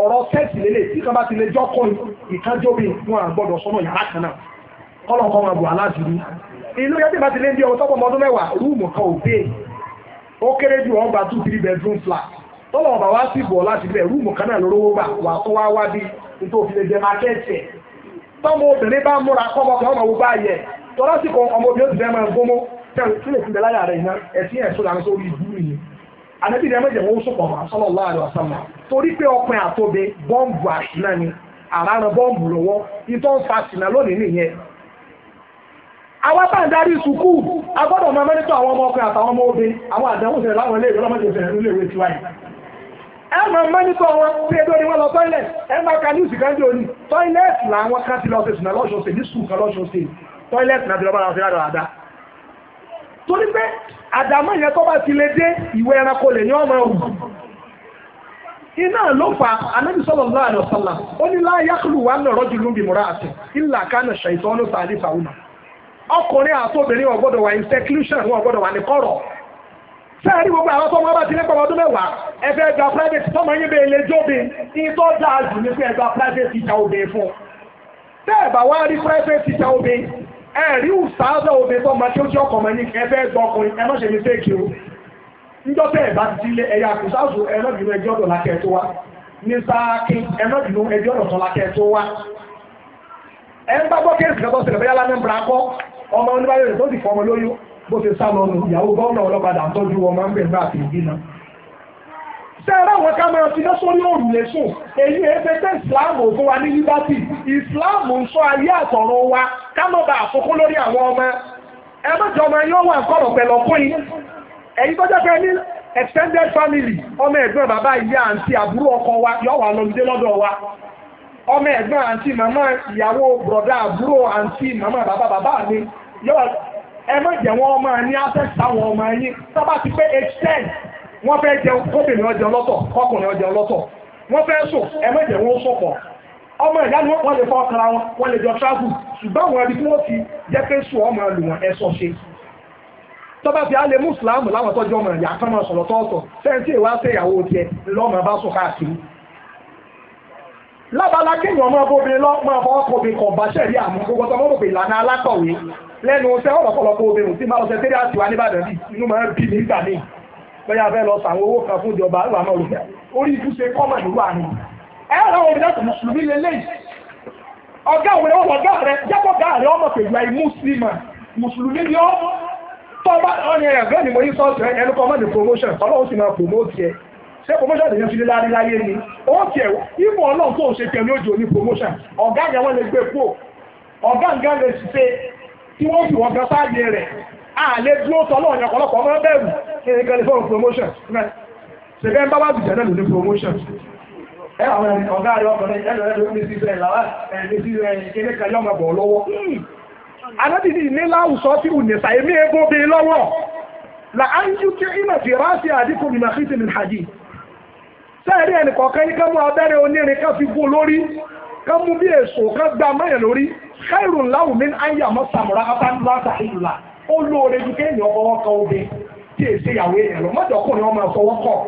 ọ̀rọ̀ sẹ́ẹ̀sì lélẹ̀ tí kan bá ti lè jọ́kọ́ ìkájọ́bí wọn àgbọ́dọ̀ sọ́nà yàrá kan kọ́lọ̀kọ́ wọn bù aláàjìrí inú yẹ́tì bá ti lé ọmọ tọ́pọ̀ mẹ́wàá rúùmù kan òbí ó kéré jù tọ́lọ̀ wá sí bọ̀ láti rúùmù kan náà wà tó wá wá bí lè jẹ mákẹ́ẹ̀tì tọ́mọ obìnrin bá múra ọmọ gbogbo ààyè tọ́lásìkò ọmọ obìnrin ti fẹ́ máa gbómó tẹ́lẹ̀ láyà rẹ̀ ànábì rẹ̀ mẹ́jẹ̀ wọ́n sọ̀pọ̀ mọ́ sallallahu alaihi wasallam torí pé ọkùnrin àtòbe bọ́ǹbù àṣìná ni àràràn bọ́ǹbù lọ́wọ́ ìtọ́ ń fa àṣìná lónìí nìyẹn. àwa bá ń darí sùkú a gbọ́dọ̀ máa mẹ́rin tó àwọn ọmọ ọkùnrin àtàwọn ọmọ obìn àwọn àdánwò sẹ̀rẹ̀ láwọn ilé ìrọ̀lọ́mọdé sẹ̀rẹ̀ nílé ìwé tiwa yìí ẹ máa mọ́nítọ̀ wọn pé ẹgbẹ́ ni wọ́n lọ tọ́ilẹ̀ ẹ máa ka news kan jò ní tọ́ilẹ̀tì làwọn kan ti lọ sí ìsìnà lọ́sọ̀ọ̀sẹ̀ ní sùkúù kan lọ́sọ̀ọ̀sẹ̀ tọ́ilẹ̀tì náà ti lọ́ bá wọn fi rádọ̀ àdá torí pé àdámọ́ yẹn tó bá ti lè dé ìwé ẹranko lè ní ọmọ ẹ̀wù iná ló fa anábì sallallahu alaihi wasallam ó ní la yakhlu wa anna rajulun bi imra'atin kana shaytanu thalithahuma ọkùnrin àtòbìnrin wọn gbọ́dọ̀ wà ní seclusion wọn gbọ́dọ̀ wà ní kọ̀rọ̀ sẹ́ẹ̀rí gbogbo àwọn tọ́mọ bá ti ní pọ̀ ọdún mẹ́wàá ẹ̀fẹ́ ẹgbà private tọ́mọ yín lè dáa jù ní pé ẹ̀rí ìsáábẹ̀ obìnrin tó máa tí ó tí ọkọ̀ mọ̀ ní ẹgbẹ́ gbọ́ ọkùnrin ẹ má ṣe mistake o níjọ́ bẹ́ẹ̀ bá ti sílé ẹ̀yà kùsáàsù ẹlọ́dìnú ẹjọ́ ọ̀dọ̀ lákẹ́ tó wá ní sáàkín ẹlọ́dìnú ẹjọ́ ọ̀dọ̀ tó lákẹ́ tó wá. ẹ ń bá gbọ́ kéèsì lọ́tọ́ sílẹ̀ bóyá lánàá bra kọ́ ọmọ oníbàárẹ̀ tó ti fọmọ lóyún bó ṣe sá lọ́nu ìyàwó gọ́ọ̀nà ọlọ́padà tọ́jú ọmọ ń tẹ́rẹ́ àwọn ká máa fi lọ́sọ́rí òòrùn lẹ́sùn èyí ẹgbẹ́ tẹ́ ìsìláàmù fún wa ní liberty ìsìláàmù ń sọ ayé àtọ̀rọ̀ wa ká àfikún lórí àwọn ọmọ ẹ ọmọ yóò wà kọ̀rọ̀ pẹ̀lú ọkùnrin pé ní extended ọmọ ẹ̀gbọ́n bàbá ìyá àǹtí àbúrò ọkọ wa wà wa ọmọ ẹ̀gbọ́n àǹtí màmá ìyàwó bùrọ̀dá àbúrò àǹtí màmá bàbá mi ẹ ọmọ ní access ọmọ wọ́n fẹ́ jẹun kóbìnrin ọjọ́ lọ́tọ̀ kọkùnrin ọjọ́ lọ́tọ̀ wọ́n fẹ́ sùn ẹ̀mẹ́jẹ̀ wọn ó sọ̀pọ̀ ọmọ ìyá ni wọ́n lè fọ́ ọkara wọn wọ́n lè jọ travel ṣùgbọ́n àwọn ẹbí tí wọ́n ti jẹ́ pé sùn ọmọ ẹlù wọn ẹ sọ ṣe tọ́ba fi alẹ́ mùsùlùmù láwọn tọ́jú ọmọ ìyá kan máa sọ̀rọ̀ tọ́ọ̀tọ̀ fẹ́ǹtì ìwà ṣe ìyàwó tiẹ̀ lọ́mọ bá sùn káàkiri lábala kéèyàn ọmọ obìnrin lọ máa fọwọ́ kan obìnrin kan bá ṣẹ̀rí àmú gbogbo tó mọ́ pé ìlànà alákọ̀wé lẹ́nu iṣẹ́ ọ̀pọ̀lọpọ̀ obìnrin tí máa lọ sẹ́tẹ́rì àti wa níbàdàn bíi inú máa ń bí nígbà míì bẹ́yà fẹ́ lọ sàwọn owó kan fún ìjọba ìwà náà rẹ̀ orí ikú ṣe kọ́mọ̀ ìlú àárín ẹ̀rọ omi láti mùsùlùmí lélẹ́yìí ọ̀gá òwe ọmọ ọ̀gá rẹ jẹ́pọ̀ ọ̀gá rẹ ọmọ pẹ̀lú àì mùsùlùmí mùsùlùmí ni ó tọ́ba ọ̀nà ẹ̀gbẹ́ ni mo ní sọ́ọ̀tì rẹ ẹnu kọ́mọ̀ ní promotion ọlọ́run sì máa promote ẹ ṣé promotion lè yẹn fi láyé láyé ni ó tiẹ̀ ìmọ̀ ọlọ́run tó ń ṣe promotion ọ̀gá yẹn wọ́n lè gbé kúrò ọ̀gá nǹkan lè ṣiṣẹ́ tí wọ́n fi wọ́n gan sáàyè rẹ̀ àlè dúró tọ́lọ́ ọ̀yàn ọ̀pọ̀lọpọ̀ ọmọ bẹ̀rù kí ni kẹ́lẹ́ fún promotion ṣẹ̀fẹ́ ń bá wà jùjẹ́ náà ló ní promotion ẹ àwọn ọ̀gá rẹ ọkùnrin ẹ lọ́rẹ́ ló ní sísẹ́ ìlàwà ẹ̀ ní sísẹ́ ìkéde kan yọmọ bọ̀ lọ́wọ́ alábìdí ní láwùsọ tí ò nìta èmi ebo bí lọ́wọ́ la á ń yú kí ìmọ̀ fi ráṣí àdínkù ní màkìtì ní hajj sẹ́ẹ̀rí ẹnì kọ̀ọ̀kan yín kán mú abẹ́rẹ́ onírin kán fi gbó lórí kán mú bí èso kán gbá mọ́yàn lórí káìrùn láwùmí ayé àmọ́ sàmúrà apá ńlá tàìlù láà ó lóore ju kéèyàn ọmọwọ́kọ obe tí è ṣe ìyàwó èèyàn lọ mọ́jọ kò ní ọmọ ọ̀fọwọ́kọ̀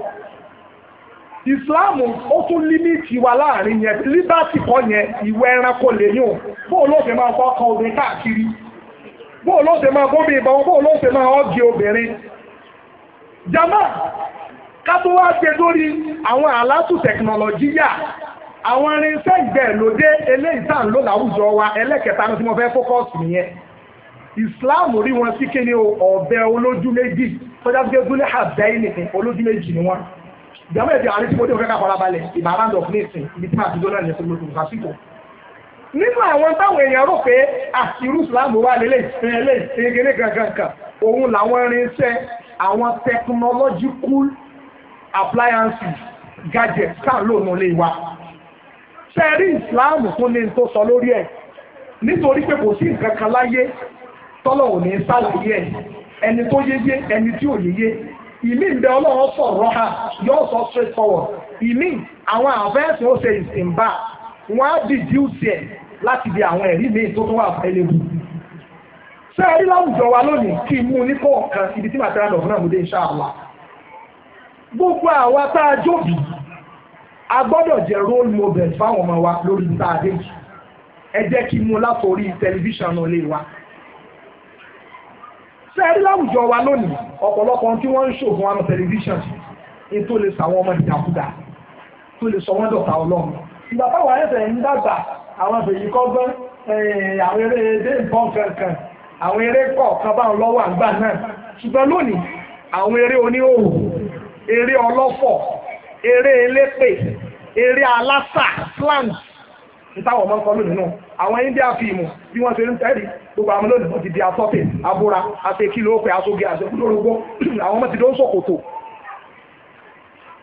ìsìláàmù ó tún límìtì wa láàrin yẹn líbàtì kọ yẹn ìwé ẹranko lè yùn bóò ló máa fọ́kọ obìnrin káàkiri bóò ló máa ìbọn máa ọ́gì obìnrin jama wá ṣe lórí àwọn àlátù àwọn irinṣẹ́ ìgbẹ́ lóde eléyìí tá à ń lò láwùjọ wa Islam rí wọn sí kéde ọ̀bẹ olójú méjì tọ́já sí gbẹ́gbẹ́ àbẹ́ ìnìkan olójú méjì ni wọ́n. ìjàmbá ẹ̀dẹ̀ àrẹ tí mo dé òkè káfọ́ra balẹ̀ ìbáraǹd of nation ibi tí màá ti dọ́là ní ẹ̀sìn lóṣù sásìkò. nínú àwọn táwọn èèyàn rò pé àṣírù Islam wà lélẹ̀ ìfẹ́lẹ̀ ìfẹ́gẹ́lẹ́ gangan òun làwọn irinṣẹ́ àwọn technological appliances gadgets kan lónà lè wa. sẹ́ẹ̀rí Islam tún ní tó sọ lórí ẹ̀ nítorí pé kò sí nǹkan kan láyé tọ́lọ̀ ò ní sàlàyé ẹ̀ ẹni tó yéyé ẹni tí ò yéyé ìmí ìbẹ́ ọlọ́run sọ̀rọ̀ ha yóò sọ straight forward ìmí àwọn àfẹ́sì ó ṣe ìsìnbà wọ́n á dìjú sí ẹ̀ láti di àwọn ẹ̀rí míì tó tún wà fẹ́lẹ́bù. ṣé ẹ rí láwùjọ wa lónìí kí n mú un ní kọ̀ọ̀kan ibi tí màtẹ́rà lọ́ọ̀fún náà mú dé insha Allah. gbogbo àwa tá a jóbi a gbọ́dọ̀ jẹ́ role model fáwọn ọmọ wa lórí tá a dé ẹ jẹ́ kí n mú un látòrí tẹlifíṣàn náà lé wa ṣe rí láwùjọ wa lónìí ọ̀pọ̀lọpọ̀ tí wọ́n ń ṣò àwọn tẹlifíṣàn ní tó lè sàwọn ọmọ ìdàkúdà tó lè sọ wọ́n dọ̀tà ọlọ́run ìgbà táwọn ẹ̀sẹ̀ ń dàgbà àwọn fèyí kọ́gbọ́n eh, àwọn eré dé nǹkan kankan àwọn eré kọ̀ọ̀kan báwọn lọ́wọ́ àgbà náà ṣùgbọ́n lónìí àwọn eré oníhòòhò eré ọlọ́fọ̀ eré elépè eré alásà plant ìtawọ̀ ọmọ nǹkan lónìí náà àwọn india fíìmù bí wọ́n ṣe ń tẹ́rì gbogbo di abúra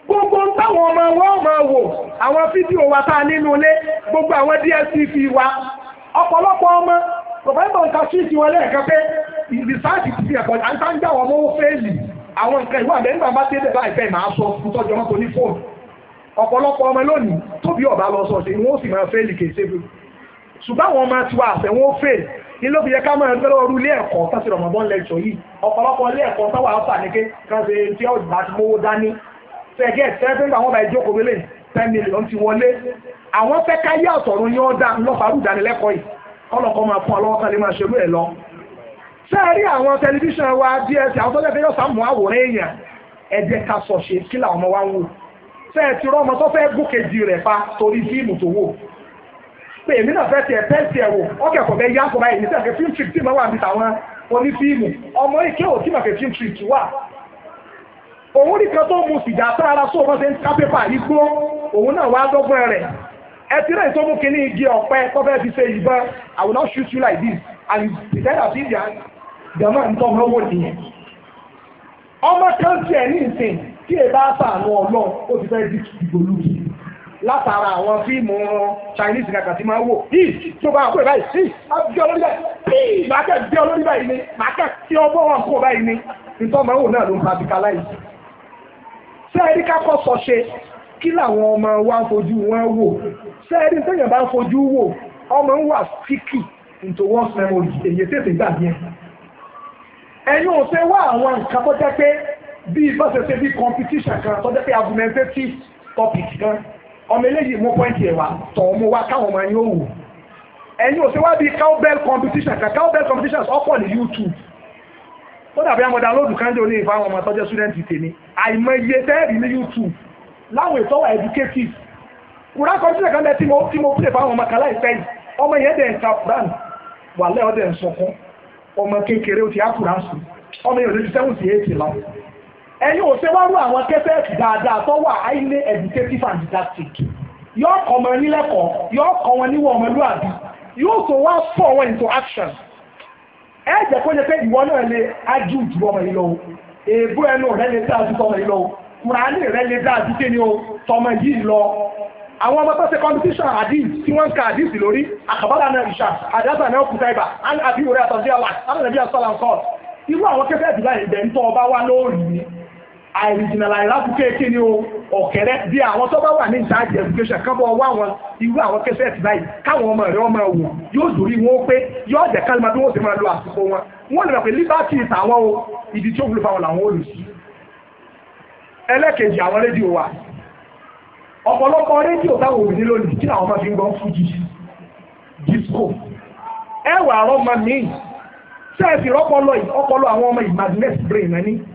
gbogbo táwọn ọmọ wọn máa wò àwọn fídíò wa tá a nínú ilé gbogbo àwọn dstv wa ọ̀pọ̀lọpọ̀ ọmọ nǹkan pé ti fi ẹ̀kọ́ wọn mọ́ fẹ́ẹ̀lì àwọn nǹkan ìwà tẹ́lẹ̀ máa sọ tọ́jú ọmọ tó ní ọ̀pọ̀lọpọ̀ ọmọ lónìí tóbi ọ̀bá lọ sọ̀ọ̀sẹ̀ wọ́n sì máa fẹ́ẹ̀lì kèsè bí ṣùgbọ́n àwọn ọmọ tiwa àṣẹ wọn fẹ́ẹ̀lì ní ló fi yẹ ká máa ń gbẹ́rọ orú ilé ẹ̀kọ́ tásì rọ̀mọ̀bọ́n lẹ́kṣọ̀ yìí ọ̀pọ̀lọpọ̀ ilé ẹ̀kọ́ táwa ọ̀sà ní ké káṣe tí ó bá ti mówó dání fẹ́ẹ̀gẹ́ tẹ́fẹ́ nígbà wọn bá ìjókòó wọlé ten million ti wọlé àwọn fẹ́ ká yá ọ̀tọ̀run yóò dá lọ́fàárù ìdánilẹ́kọ̀ọ́ yìí ọlọ́kọ́ máa fún ọlọ́wọ́ kan lè máa ṣerú ẹ̀ lọ sẹ́ẹ̀rí àwọn tẹlifíṣàn wa díẹ̀ tí àwọn tọ́jú ẹ̀fẹ́ yóò sàmù àwòrán èèyàn ẹ jẹ́ ká sọ̀ṣe kí làwọn ọmọ wa ń wò fẹ́ẹ̀ ti rọ́mọ tó fẹ́ gòkèjì rẹ̀ pa torí fíìmù tó wò pé èmi náà fẹ́ tiẹ̀ tẹ́sí ẹ̀wò ọkẹ́kọ̀ọ́ bẹ́ẹ̀ yá kọ́ báyìí nítorí pé fíìmù trip wà níbi táwọn oní fíìmù ọmọ ike ò tí fíìmù trip wà òun nìkan tó mu sìgá tó ara sóò wọ́n ń ká pépà igbó òun náà wá dọ́gbọ́n rẹ̀ ẹ ti tó mú ọ̀pẹ tó fi ṣe ìbọn tí èbá sàánú ọlọ́run ó ti fẹ́ di ìgbòlù yìí látara àwọn fíìmù Chinese kàkà tí máa ń wò yìí tó bá àpò ìbáyìí sí àbí olórí báyìí bíi màá kẹ́ bí olórí báyìí ni màá kẹ́ tí ọgbọ́n wọn kó báyìí ni nítorí máa ń wò náà ló ń pàbíkà láyìí. ṣé ẹni ká kọ́ sọ ṣe kí làwọn ọmọ wa ń fojú wọn wò ṣé ẹni téèyàn bá ń fojú wò ọmọ ń wà síkì into once memory bí ìbáṣẹ̀ṣe bí competition kan tọ́jọ́ pé argumentative topic kan ọmọ eléyìí mú pọ́ǹtì ẹ̀ wá tọ̀ mú wá káwọn ọmọ yín ó wò ẹ̀yin ò ṣe wá bí cowbell competition kan cowbell competition ọ̀pọ̀ ní YouTube ó dàbí àwọn download kan jẹ́ oní ìfáwọn ọmọ tọ́jọ́ student tèmi àìmọye tẹ́ẹ̀rì ní YouTube láwọn ìtọ́wà educative kùrá competition kan bẹ́ẹ̀ tí mo tí mo play fáwọn ọmọ kan láìpẹ́ yìí ọmọ yẹn dẹ̀ ń ta brand wà lẹ́ọ̀dẹ̀ ń sọkún ọmọ kékeré ó ti á kùrá sùn ọmọ yẹn ò lójú sẹ́wọ̀n sí èyí ti lọ ẹ̀yin ò ṣe wárú àwọn kẹsẹ̀tì dáadáa tó wà highly and didactic yóò kọ́ ọmọ ẹni lẹ́kọ̀ọ́ yóò kọ́ wọn níwọ̀ ọmọlúwàbí yóò tó wá into action ẹ jẹ́ kó jẹ́ pé ìwọ náà lè ájú ju ọmọ yìí lọ o ẹnu rẹ lè dáa ju tọmọ yìí lọ o rẹ lè dáa ju o tọmọ yìí lọ àwọn ọmọ competition ka lórí náà ìṣà náà àbí àtọ̀dé àtọ̀dé wa àìrìjìnàlà ìrápù kéèké ni ọ̀kẹ́rẹ́ bí àwọn tó bá wà ní ìdájẹ́ education kan bọ́ wá wọn irú àwọn kẹsẹ̀ ẹ̀tì báyìí káwọn ọmọ rẹ̀ ọmọ wò yóò dòrí wọn pé yóò jẹ́ kálímà bí wọ́n ti máa lo wọn wọ́n lè rẹ̀ pé liberty o ìdí tí ó wúlò fáwọn làwọn olù sí. àwọn rédíò wa ọ̀pọ̀lọpọ̀ rédíò táwọn òbí lónìí làwọn máa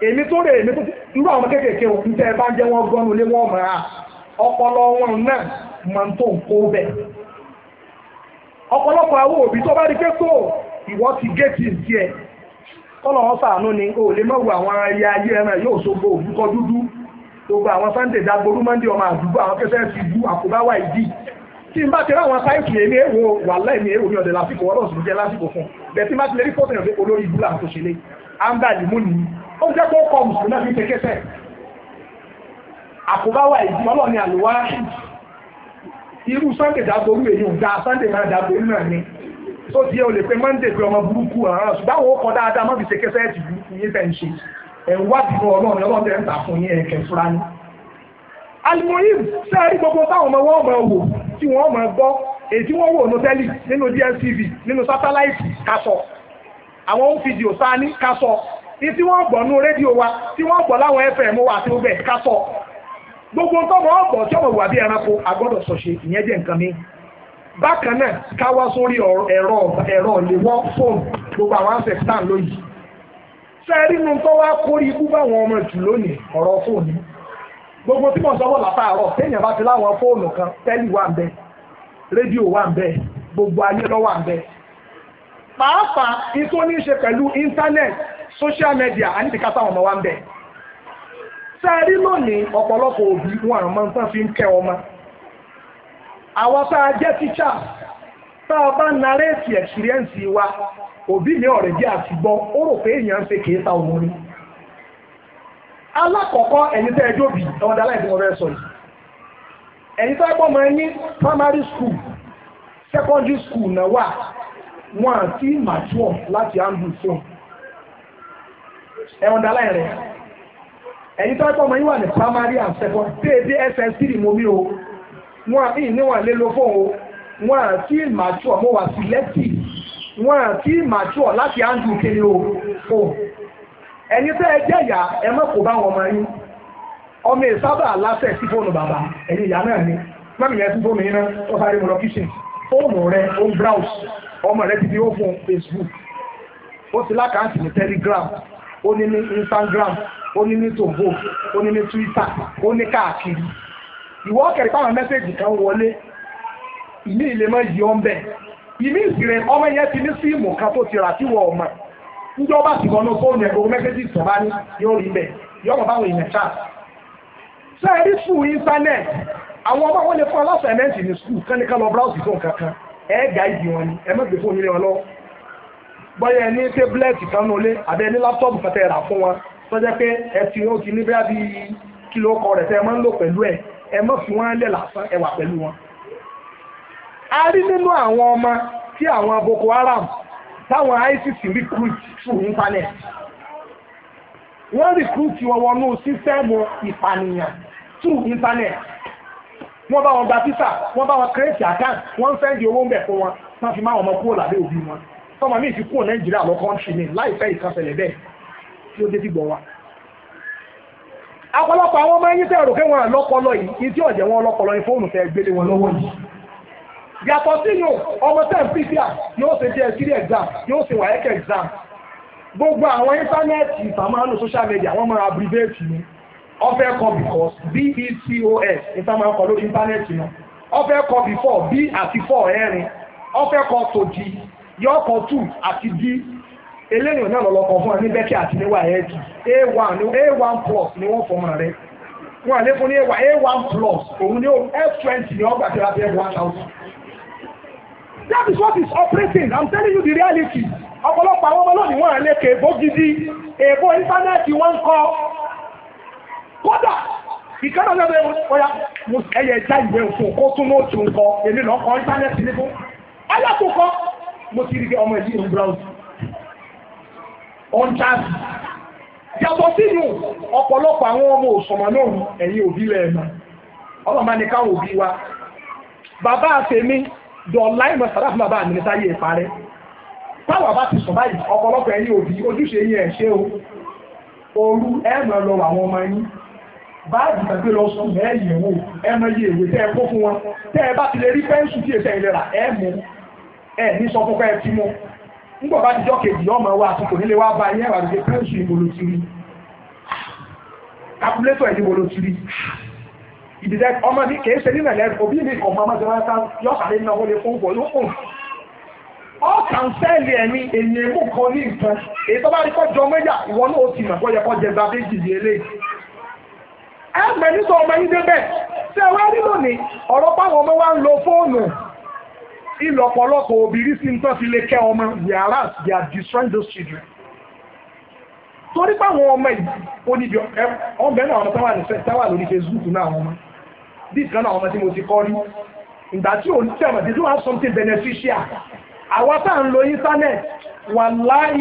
èmi tó rè èmi tó irú àwọn kéékèèké òkú tẹ́ ẹ bá ń jẹ́ wọ́n gbọ́nu lé wọ́n mọ̀ á ah, ọpọlọ wọn náà máa ń tó nǹkó bẹ̀. ọ̀pọ̀lọpọ̀ àwọn òbí tó bá rí pé kò ìwọ́ ti géètì tiẹ̀ kọ́lọ̀ wọn sàánú ni o lè mọ̀wé àwọn ayé ayé ẹran yóò ṣogbo òbúkọ dúdú gbogbo àwọn Sunday dagboru Monday ọmọ àdúgbò àwọn kẹsẹ̀ ti bú àkóbáwá ìdí tí n bá tẹ̀lé àwọn sáìtì èmi èwo wà láìmí èwo ní ọ̀dẹ̀ lásìkò wọ́n jẹ́ lásìkò fún bẹ̀ẹ́ tí má ti lè rí fọ́tẹ̀yàn pé olórí ìbúlà àtòṣèlé áńgà lìmúnì ó jẹ́ kó kọ mùsùlùmí náà fi tẹ́kẹ́sẹ̀ àkóbáwà ìdí ọlọ́ni àlùwá irú sunday dàgbòrú èyí ò sunday máa dàgbòrú náà ni tó di ẹ ò lè pe monday pé ọmọ burúkú àrùn ṣùgbọ́n àwọn ọkọ̀ dáadáa má fi tẹ́kẹ́sẹ̀ ẹ̀tì burúkú yín tẹ̀ ń ṣe ẹ̀ ń wá dìbò ọlọ́run ọlọ́run tẹ̀ ń tà fún yín ẹ̀kẹ́ fúra ni. alimoyim sẹ́ẹ̀rí gbogbo táwọn ọmọ wọn máa wò tí wọ́n máa gbọ́ èyí tí wọ́n wò ní tẹ́lì nínú dstv nínú sátáláìtì kásọ̀ àwọn fídíò sáà ní kásọ̀ ní tí wọ́n gbọ́ wa tí wọ́n gbọ́ láwọn fm wa àti gbogbo ká sọ gbogbo tọmọ ọgbọ tí ọmọ ìwà bí ẹranko agbọ́dọ̀ sọṣe ìyẹn jẹ́ nǹkan mi bákan náà káwá gbogbo àwọn ansẹ̀tì náà lóyìí sẹ́ẹ̀rí nu tó wá ọmọ jù lónìí ọ̀rọ̀ fóònù gbogbo tí mo sọ wọn látàárọ̀ téèyàn bá ti láwọn fóònù kan tẹ́lì wà ń bẹ rédíò wà gbogbo ayé wà pàápàá ìtò ní ṣe pẹ̀lú internet social media a ní ti kásá ọmọ wa ń bẹ̀. sẹ́ẹ̀rí lónìí òbí wọn àmọ́ tán fi ń kẹ́ ọmọ. àwọn tá a jẹ́ tíṣà tá a wa òbí mi ọ̀rẹ́ jẹ́ àtìgbọ́ ó rò pé èèyàn ń ṣe kìí ta rí. alákọ̀ọ́kọ́ ẹ̀yin tẹ́ sọ yìí. ẹ̀yin wọn àti mature láti handle phone ẹ̀wọ̀n dá láì rẹ̀ ẹ̀yin tó ẹ̀kọ́ ọmọ yín wà ní primary and secondary déédé ss3 mo mi o wọn àti ìníwọ̀n lé lo phone o wọn àti mature mo wà selective wọn àti mature láti handle kiri o phone ẹ̀yin tó ẹ jẹ́ ìyá ẹ má kó bá wọn ọmọ yín ọmọ ìsábà aláṣẹ sí fóònù bàbá ẹ̀yin ìyá náà ni mọ́mí yẹn sí fóònù yín náà ó sáré mo lọ kíṣìn fóònù rẹ ó ń browse ọmọ rẹ ti fi ó fún Facebook ó ti lákàntì ní Telegram ó ní ní Instagram ó ní ní tombo ó ní ní Twitter ó ní káàkiri ìwọ kẹrì pàmò mẹ́sẹ̀gì kan wọlé ìní ilé mọ yìí ọ ń bẹ ìní ìsìrẹ ọmọ yẹn ti ní síìmù kan tó ti rà tí wọ ọmọ njọba sì kọ́ ní fóònù ẹ̀ gbogbo mẹ́sẹ̀gì tó bá ní yóò rí bẹ́ẹ̀ yóò mọ̀ báwọn èèyàn ṣáà sẹ́ẹ̀rí fún íńtánẹ́ẹ̀tì àwọn ọmọ wọn lè fún ọlọ́sẹ̀ mẹ́ǹtì ní sùkúù kán ní ká lọ bráùsì fún nǹkan kan ẹ gáìdì wọn ni ẹ má gbé fóònù lé wọn lọ bọ́yá ẹni tébúlẹ̀tì kan nù lé àbẹ ẹni láptọ́ọ̀pù kan tẹ̀ rà fún wọn tọ́jẹ́ pé ẹ ti ó ti ní bẹ́ẹ̀ bí kìlọ̀ ọkọ rẹ̀ tẹ́ ẹ máa ń lò pẹ̀lú ẹ̀ ẹ má fi wọ́n lẹ̀ lásán ẹ wà pẹ̀lú wọn. a rí nínú àwọn ọmọ tí àwọn Boko Haram táwọn ISIS recruit through internet wọ́n recruit wọn wọnú sísẹ́ẹ̀mù ìpànìyàn through internet wọ́n bá wọn gba títà wọ́n bá wọn kírètì àkáǹt wọ́n ń sẹ́ndì owó ń bẹ̀ fún wọn wọ́n fi máa wọn mọ kúrò lábẹ́ òbí wọn tọ́mọ mi ti kúrò nàìjíríà lọ kọ́ńtì mi láìpẹ́ ìkànsẹ̀lẹ̀ bẹ́ẹ̀ tí ó dé sí gbọ̀ wa. ọ̀pọ̀lọpọ̀ àwọn ọmọ ẹyin tẹ́ rò pé wọn lọ́pọlọ yìí tí ọ̀jẹ̀ wọn lọ́pọlọ yìí fóònù fẹ́ gbélé wọn lọ́wọ́ yìí. yàtọ̀ sínú ọmọ tẹ́ ń pìsíà yóò ṣe jẹ́ sírí exam yóò ṣe wàyẹ́kẹ̀ exam gbogbo àwọn íńtánẹ́ẹ̀tì ìfàmọ́nù social media wọ́n máa abbreviate ni ọfẹ́ kọ because b-e-c-o-s nípa máa ń kọ lórí íńtánẹ́ẹ̀tì náà ọfẹ́ kọ before b àti four ẹ̀rin ọfẹ́ kọ to d yọ kọ two àti d eléyìí náà lọ́lọ́kọ̀ fún ẹ ní àti níwà ẹ̀ẹ́dì a1 ni a1 plus ni wọ́n fọmọ rẹ wọn àlẹ́ fún ní a1 plus òun ni f20 ni ọgbà tí a fi f1000. that is what is operating i'm telling you the reality ọ̀pọ̀lọpọ̀ àwọn ọmọ lónìí wọn àlẹ́ kèébó gidi èèbó íńtánẹ́ẹ̀tì wọn kọ́ kódà ìkẹ́rọ̀ lọ́dọ̀ ẹ̀wọ̀n ọ̀yà ẹ̀yẹ ẹja ìwé òfin kó tún mọ́ òtún nǹkan èmi lọ́ kọ́ íńtánẹ́ẹ̀tì níbú alákòókò mo ti rí i ọmọ ẹ̀sìn ìhùn brown on charge yàtọ̀ sínú ọ̀pọ̀lọpọ̀ àwọn ọmọ òṣùnmọ̀ náà ẹ̀yìn òbí lẹ́ẹ̀mà ọlọ́mọ ni káwọn òbí wa bàbá àfẹ́mi dọ̀ọ̀lá ìmọ̀ sàrà fún bàbá àmì níta parẹ́ táwọn bá ti sọ báyìí ọ̀pọ̀lọpọ̀ ẹ̀yìn òbí ojúṣe yín ẹ̀ ṣe o òru ẹ̀mọ̀ lọ àwọn ọmọ yín báàgì tàbí lọ sùn mẹ́ẹ̀yì wò ẹ mọ iye ìwé tẹ́ ẹ kó fún wọn tẹ́ ẹ bá ti lè rí pẹ́ńsù tí èsẹ̀ ìlera ẹ mú ẹ ní sọ fún pẹ́ẹ́ tí mú nígbà bá dijọ́ kejì ọmọ wa àti kò nílé wa bá yẹn wà lóde pẹ́ńsù ìbolo ti rí kápúlétọ̀ ẹ̀ níbo ló ti rí ìdílé ọmọ ní kèé ṣe nílẹ̀ òbí mi kọ̀ mọ́ ọmọdé wọn sáà yọ sàlẹ̀ náà wọlé fún bọ̀ yóò fún ọkàn sẹ́ẹ̀lì ẹ̀mí èyí èmú kan ní nǹkan èyí tó bá rí kọjọ méjà ìwọ náà ó ti mọ̀ kó yẹ kó jẹ gbàdéjì yẹlé ẹ mẹ nígbà ọmọ yín débẹ̀ ṣé ẹ wá rí lónìí ọ̀rọ̀ páwọn ọmọ wa ń lo fóònù ìlọ̀pọ̀lọpọ̀ obìnrin sí ń tán fi lè kẹ́ ọmọ yàrá they are destroying those children torí páwọn ọmọ yìí ó níbi ọmọbẹ náà ọmọ táwa nìfẹ́ táwa lórí Facebook náà àwọn ọmọ bí ìkan náà ọmọ tí mo ti kọ́ rí ìgbà tí ò ní tẹ̀mọ̀ they do have something beneficial àwa tá à ń lo internet wà láì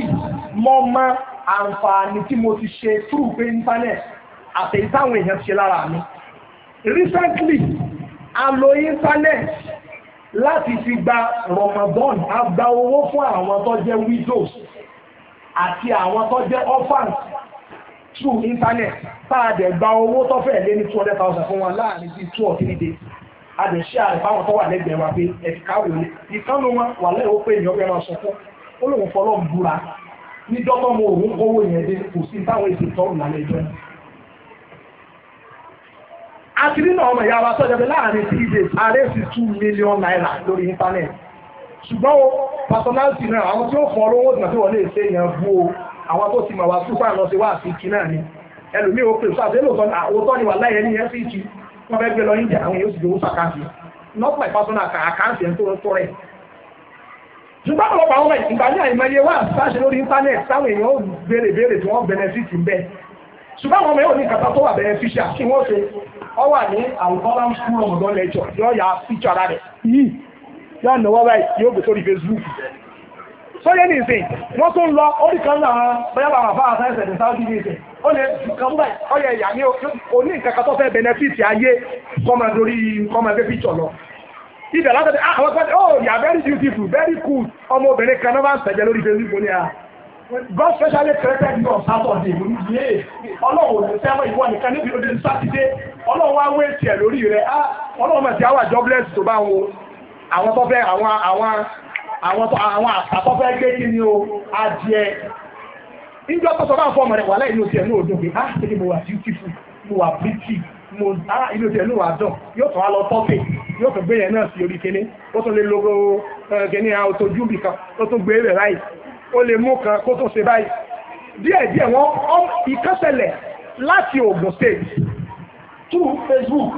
mọ́ mọ́ àǹfààní tí mo ti ṣe through pé internet àtẹ̀yí èèyàn ṣe lára mi recently a lo internet láti fi gba Ramadan a gba owó fún àwọn tó jẹ́ widows àti àwọn tó jẹ́ orphans through internet tá a dẹ̀ gba owó tó fẹ́ lé ní two hundred thousand fún wọn láàrin bíi two or three days a dẹ̀ ṣe àìbáwọn tó wà lẹ́gbẹ̀ẹ́ wa pé ẹ̀fìkáwò ni ìkànnì wọn wà lẹ́yìn ó pé èèyàn fẹ́ máa sọ fún ó lóun fọlọ́ búra ní dọ́tọ́ mo òun kówó yẹn dé kò sí táwọn èsì tọ́rù lálẹ́ ìjọ àti nínú ọmọ ìyá wa tọ́jọ́ pé láàrin three days two million naira lórí íńtánẹ̀tì ṣùgbọ́n o personality náà àwọn tí ó fọ olówó tí wọ́n lè ṣe èèyàn bú o àwọn tó ti mọ̀ wá lọ sí wá sí ìkí náà ni ẹlòmíì ó pè ni wà láyé ní wọ́n fẹ́ gbé lọ India àwọn sì gbé owó not my personal tó ṣùgbọ́n ọ̀pọ̀lọpọ̀ àwọn ṣùgbọ́n àwọn ọmọ yóò ní kàtà tó wà bẹ̀rẹ̀ fíṣà kí wọ́n ṣe ọ ní alcoholam school of god lecture yóò ya fíṣà ara rẹ̀ yìí yóò náwó báyìí yóò gbé sórí facebook sóyè ní ìsìn wọ́n tún lọ orí kan náà bóyá bàbá bá àṣà ẹsẹ̀ ní sáwọ́dì ní ìsìn ó lè kàn báyìí ó yẹ ìyá ní oní nǹkan kan tó fẹ́ bẹnẹfíìtì ayé kọ́mọ lórí kọ́mọ ẹgbẹ́ fíṣọ̀ lọ ibẹ̀ látọ̀ ah, oh, very beautiful very cool ọmọ kan náà bá ń lórí facebook ní à ah, God specially created you on Saturday mo ní yé ọlọ́run ò ní sẹ́wọ̀n ìwọ nìkan níbi òde sátidé ọlọ́run wá wé tiẹ̀ lórí rẹ̀ ah, ọlọ́run mọ̀ sí àwọn jobless tó bá wọn àwọn tó fẹ́ àwọn àwọn àwọn àwọn àtàtọ́ fẹ́ gbé kí ni o adìẹ ìjọ tó sọ bá fọ́ ọmọ rẹ̀ wà láì ní oṣù ẹ̀ ní òdùn pé á ṣe ni mo wà beautiful mo wà pretty mo á ilé oṣù ẹ̀ ní wà dùn yóò tún wá lọ tọ́pẹ̀ yóò tún gbé yẹn náà sí orí kíní ó tún lè logo eh, kíní àwọn ah, ojú bìkan ó tún gbé rẹ̀ láì ó lè mú kan kó tó ṣe báyìí díẹ̀ díẹ̀ wọ́n ìkẹ́sẹ̀lẹ̀ láti Ògùn state to Facebook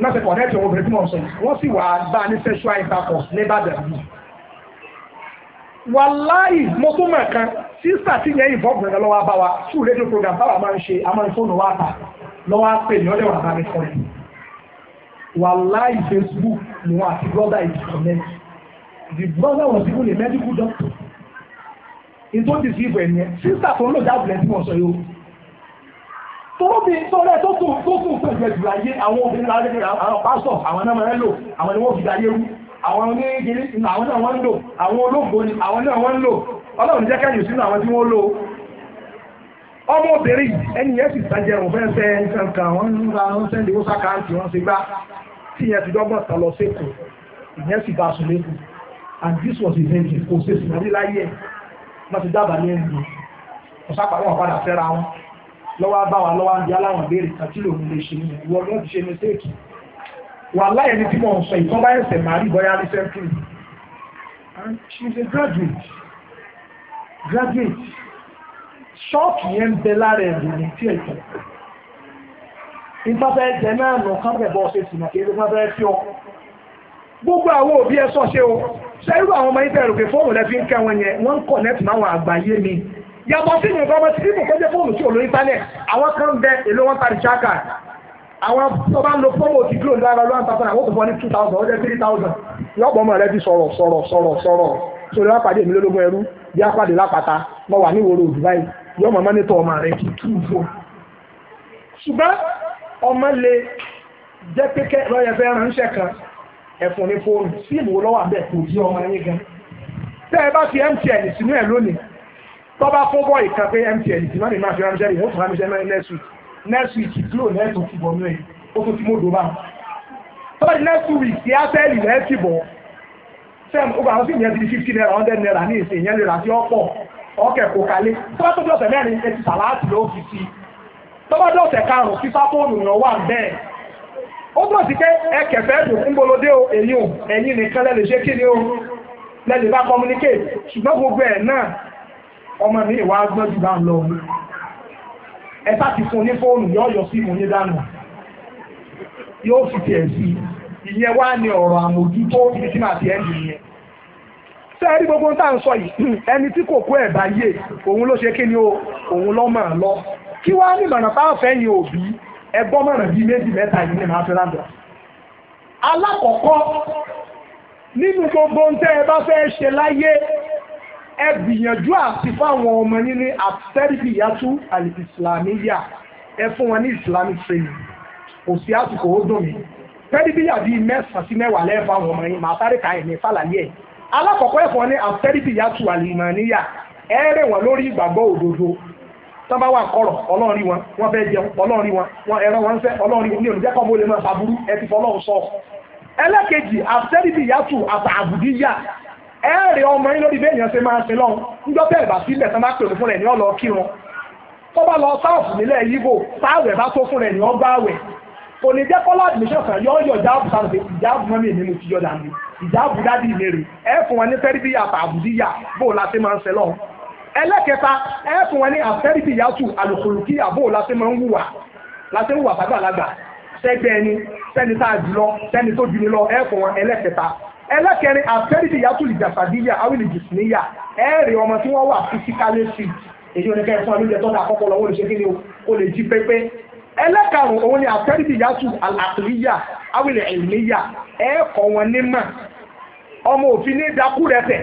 náà ṣe kọ̀ọ̀dẹ́tì obìnrin tí mo sọ wọ́n sì wà bá ní sexual intercourse ní Ìbàdàn yìí wàláì mo tó mọ̀ kan sísà tí yẹn ìbọ̀gbìn rẹ lọ́wọ́ bá wa two radio program táwa máa ń ṣe a máa ń fóònù wá ta lọ́wọ́ pè ní ọdẹ wà bá mi fọ́ ẹ wàláì Facebook ni wọn àti brother is connect the brother was even a medical doctor tó ti sífù ẹ̀mí ẹ̀ sísà tó ń lò jábìlẹ̀ tí wọ́n sọ yóò tóbi tọ́lẹ̀ tó tún tó tún fún ìgbẹ́ jùlọ ayé àwọn obìnrin láti fi àwọn pásọ̀ àwọn náà máa ń lò àwọn ni wọ́n fi dayé rú àwọn onígiri àwọn náà wọ́n ń lò àwọn olóògbò ni àwọn náà wọ́n ń lò ọlọ́run jẹ́ kẹ́yìn sínú àwọn tí wọ́n lò ọmọ obìnrin ẹni yẹn sì sàjẹ́ òun fẹ́ nǹkan wọ́n ń ra wọ́n sẹ́ndì and this was his engine bá ti dábàá ní ẹ̀dùn ọ̀sápá wọn padà fẹ́ra wọn lọ́wọ́ bá lọ́wọ́ àǹdí aláwọ̀ béèrè tàbí lòun lè ṣe nìyẹn ìwọ ni ti ṣe mistake wà láyé ní tí mò ń sọ ìtàn bá ẹsẹ̀ máa rí bọ́yá ní sẹ́ńtírì she is a graduate graduate ṣọ́ọ̀kì yẹn ń bẹ lára ẹ̀rù ní tí ẹ̀jẹ̀ ìfafẹ́ jẹ náà nù kábẹ̀ bọ́ ṣe sì gbogbo àwọn òbí ẹ sọ́ṣe o ṣe irú àwọn ọmọ ìbẹ̀rù pé fóònù lẹ fi ń kẹ́ wọn yẹn wọ́n connect mọ́ àwọn àgbáyé mi yàtọ̀ sí ìyẹn gbọ́mọ tí ibùkọ́ jẹ́ fóònù sí olórí internet àwọn kan bẹ èlò wọn tàbí ṣáàkà àwọn tó bá ń lo fóònù ti gírò lára lọ́wọ́n tàbí àwọn tó fọ́ ní two thousand jẹ́ three thousand ọmọ rẹ sọ̀rọ̀ sọ̀rọ̀ sọ̀rọ̀ sọ̀rọ̀ ẹ̀fún ní fóònù síìmù wo lọ́wọ́ àbẹ̀ kò yí ọmọ yín gan. tẹ́ ẹ bá fi MTN sínú ẹ̀ lónìí tọ́ bá fún bọ́ọ̀lì kan pé MTN ti má lè máa fi ránṣẹ́ rè wọ́n fún ránṣẹ́ next week next week glo next week bọ̀ mí ó tún ti mú odò báwọn. tọ́ bá di next week ti ásẹ́ẹ̀lì rẹ̀ ti bọ̀ sẹ́m ó gbà wọ́n sì yẹn ti di fifty naira ó mọ̀ sí pé ẹ kẹfẹ́ ẹ̀dùn fún bolodé o èyí o ẹ̀yìn nìkan lẹ́lẹ̀ ṣé kí ni o lẹ́lẹ̀ bá communicate ṣùgbọ́n gbogbo ẹ̀ náà ọmọ mi ìwà gbọ́n jù bá ń lọ ẹ bá ti fún ní fóònù yóò yọ sí ìmúyé dànù yóò fi tiẹ̀ sí ìyẹn wá ní ọ̀rọ̀ àmójútó ibi tí màá ti ẹ̀ dùn yẹn ṣé ẹ rí gbogbo tá à ń sọ yìí ẹni tí kò kó ẹ̀ bá yé òun ló ṣe kí ni o òun lọ́ mọ̀ ọ́ lọ kí wá ní ìmọ̀ràn táwọn fẹ́ yin òbí ẹgbọ́n mọ̀ràn bíi méjì mẹ́ta yìí ní màáfẹ́ láńdọ̀. alákọ̀ọ́kọ́ nínú gbogbo ń tẹ́ ẹ bá fẹ́ ṣe láyé ẹ gbìyànjú àti fáwọn ọmọ yín ní àtẹ́rìbì yàtú àlìsìlámíyà ẹ fún wọn ní islamic training kò sí àsìkò ó dùn mí tẹ́rìbì yàbí mẹ́sàn-án sí mẹ́wàá lẹ́ẹ̀ fáwọn ọmọ yín màá sáré ẹ̀mí fàlàyé ẹ̀ alákọ̀ọ́kọ́ ẹ̀fọ́ ní àtẹ́rìbì yàtú àlìmọ̀níyà ẹ̀ẹ́rẹ̀ wọn lórí ìgbàgbọ́ òdodo tábà wà kọ̀rọ̀ ọlọ́run rí wọn wọ́n fẹ́ jẹun ọlọ́run rí wọn wọ́n ẹ̀rọ wọn ń fẹ́ ọlọ́run rí wọn ní olùjẹ́kọ̀ bó lè máa ṣàbúrú ẹ ti fọlọ́run sọ. ẹlẹ́kejì àtẹ́rìbì yàtù àtà àbùdíyà ẹ̀rẹ̀ ọmọ yín lórí bẹ́ẹ̀ yẹn ṣe máa ṣe lọ́run níjọ́ bẹ́ẹ̀ bá sílẹ̀ tán bá pè fún rẹ̀ ní ọlọ́ kírun tó bá lọ sáàfù nílẹ̀ yíbò sáàwẹ̀ bá tó fún rẹ̀ ní ọgbà àwẹ̀ kò ní jẹ́ kọ́lá admission kan yọ yọ ìjáàbù sáàbù ìjáàbù mọ́mí èmi mo ti yọ dànù ìjáàbù dádì ìlérè ẹ̀ fún wọn ní tẹ́rìbì àtà àbùdíyà bó o la ṣe máa ń ṣe lọ́run ẹlẹ́kẹta ẹ̀ẹ́fún wọn ní àfẹ́rìtì yàtù àlùkòrò kí àbò láti máa ń wùwà láti ń wùwà fàgbàlagbà sẹ́gbẹ́ ẹni sẹ́ni tá a jù lọ sẹ́ni tó jù ní lọ ẹ̀ẹ́fún wọn ẹlẹ́kẹta ẹlẹ́kẹrin àfẹ́rìtì yàtù ìjàfàdíyà awìlì jùsùníyà ẹ̀ẹ́rì ọmọ tí wọ́n wà fisikálẹ̀ sí èyí oníkẹ́ fún alóúnjẹ tó dá àkọ́kọ́ lọ́wọ́ olùṣe kíni o lè jí pépé ẹlẹ́karùn-ún òun ni àfẹ́rìtì yàtù àlàkìlíyà awìlì ẹ̀lìyà ẹ̀ẹ́kọ̀ wọn nímọ̀ ọmọ òfin ní dákúrẹ́tẹ̀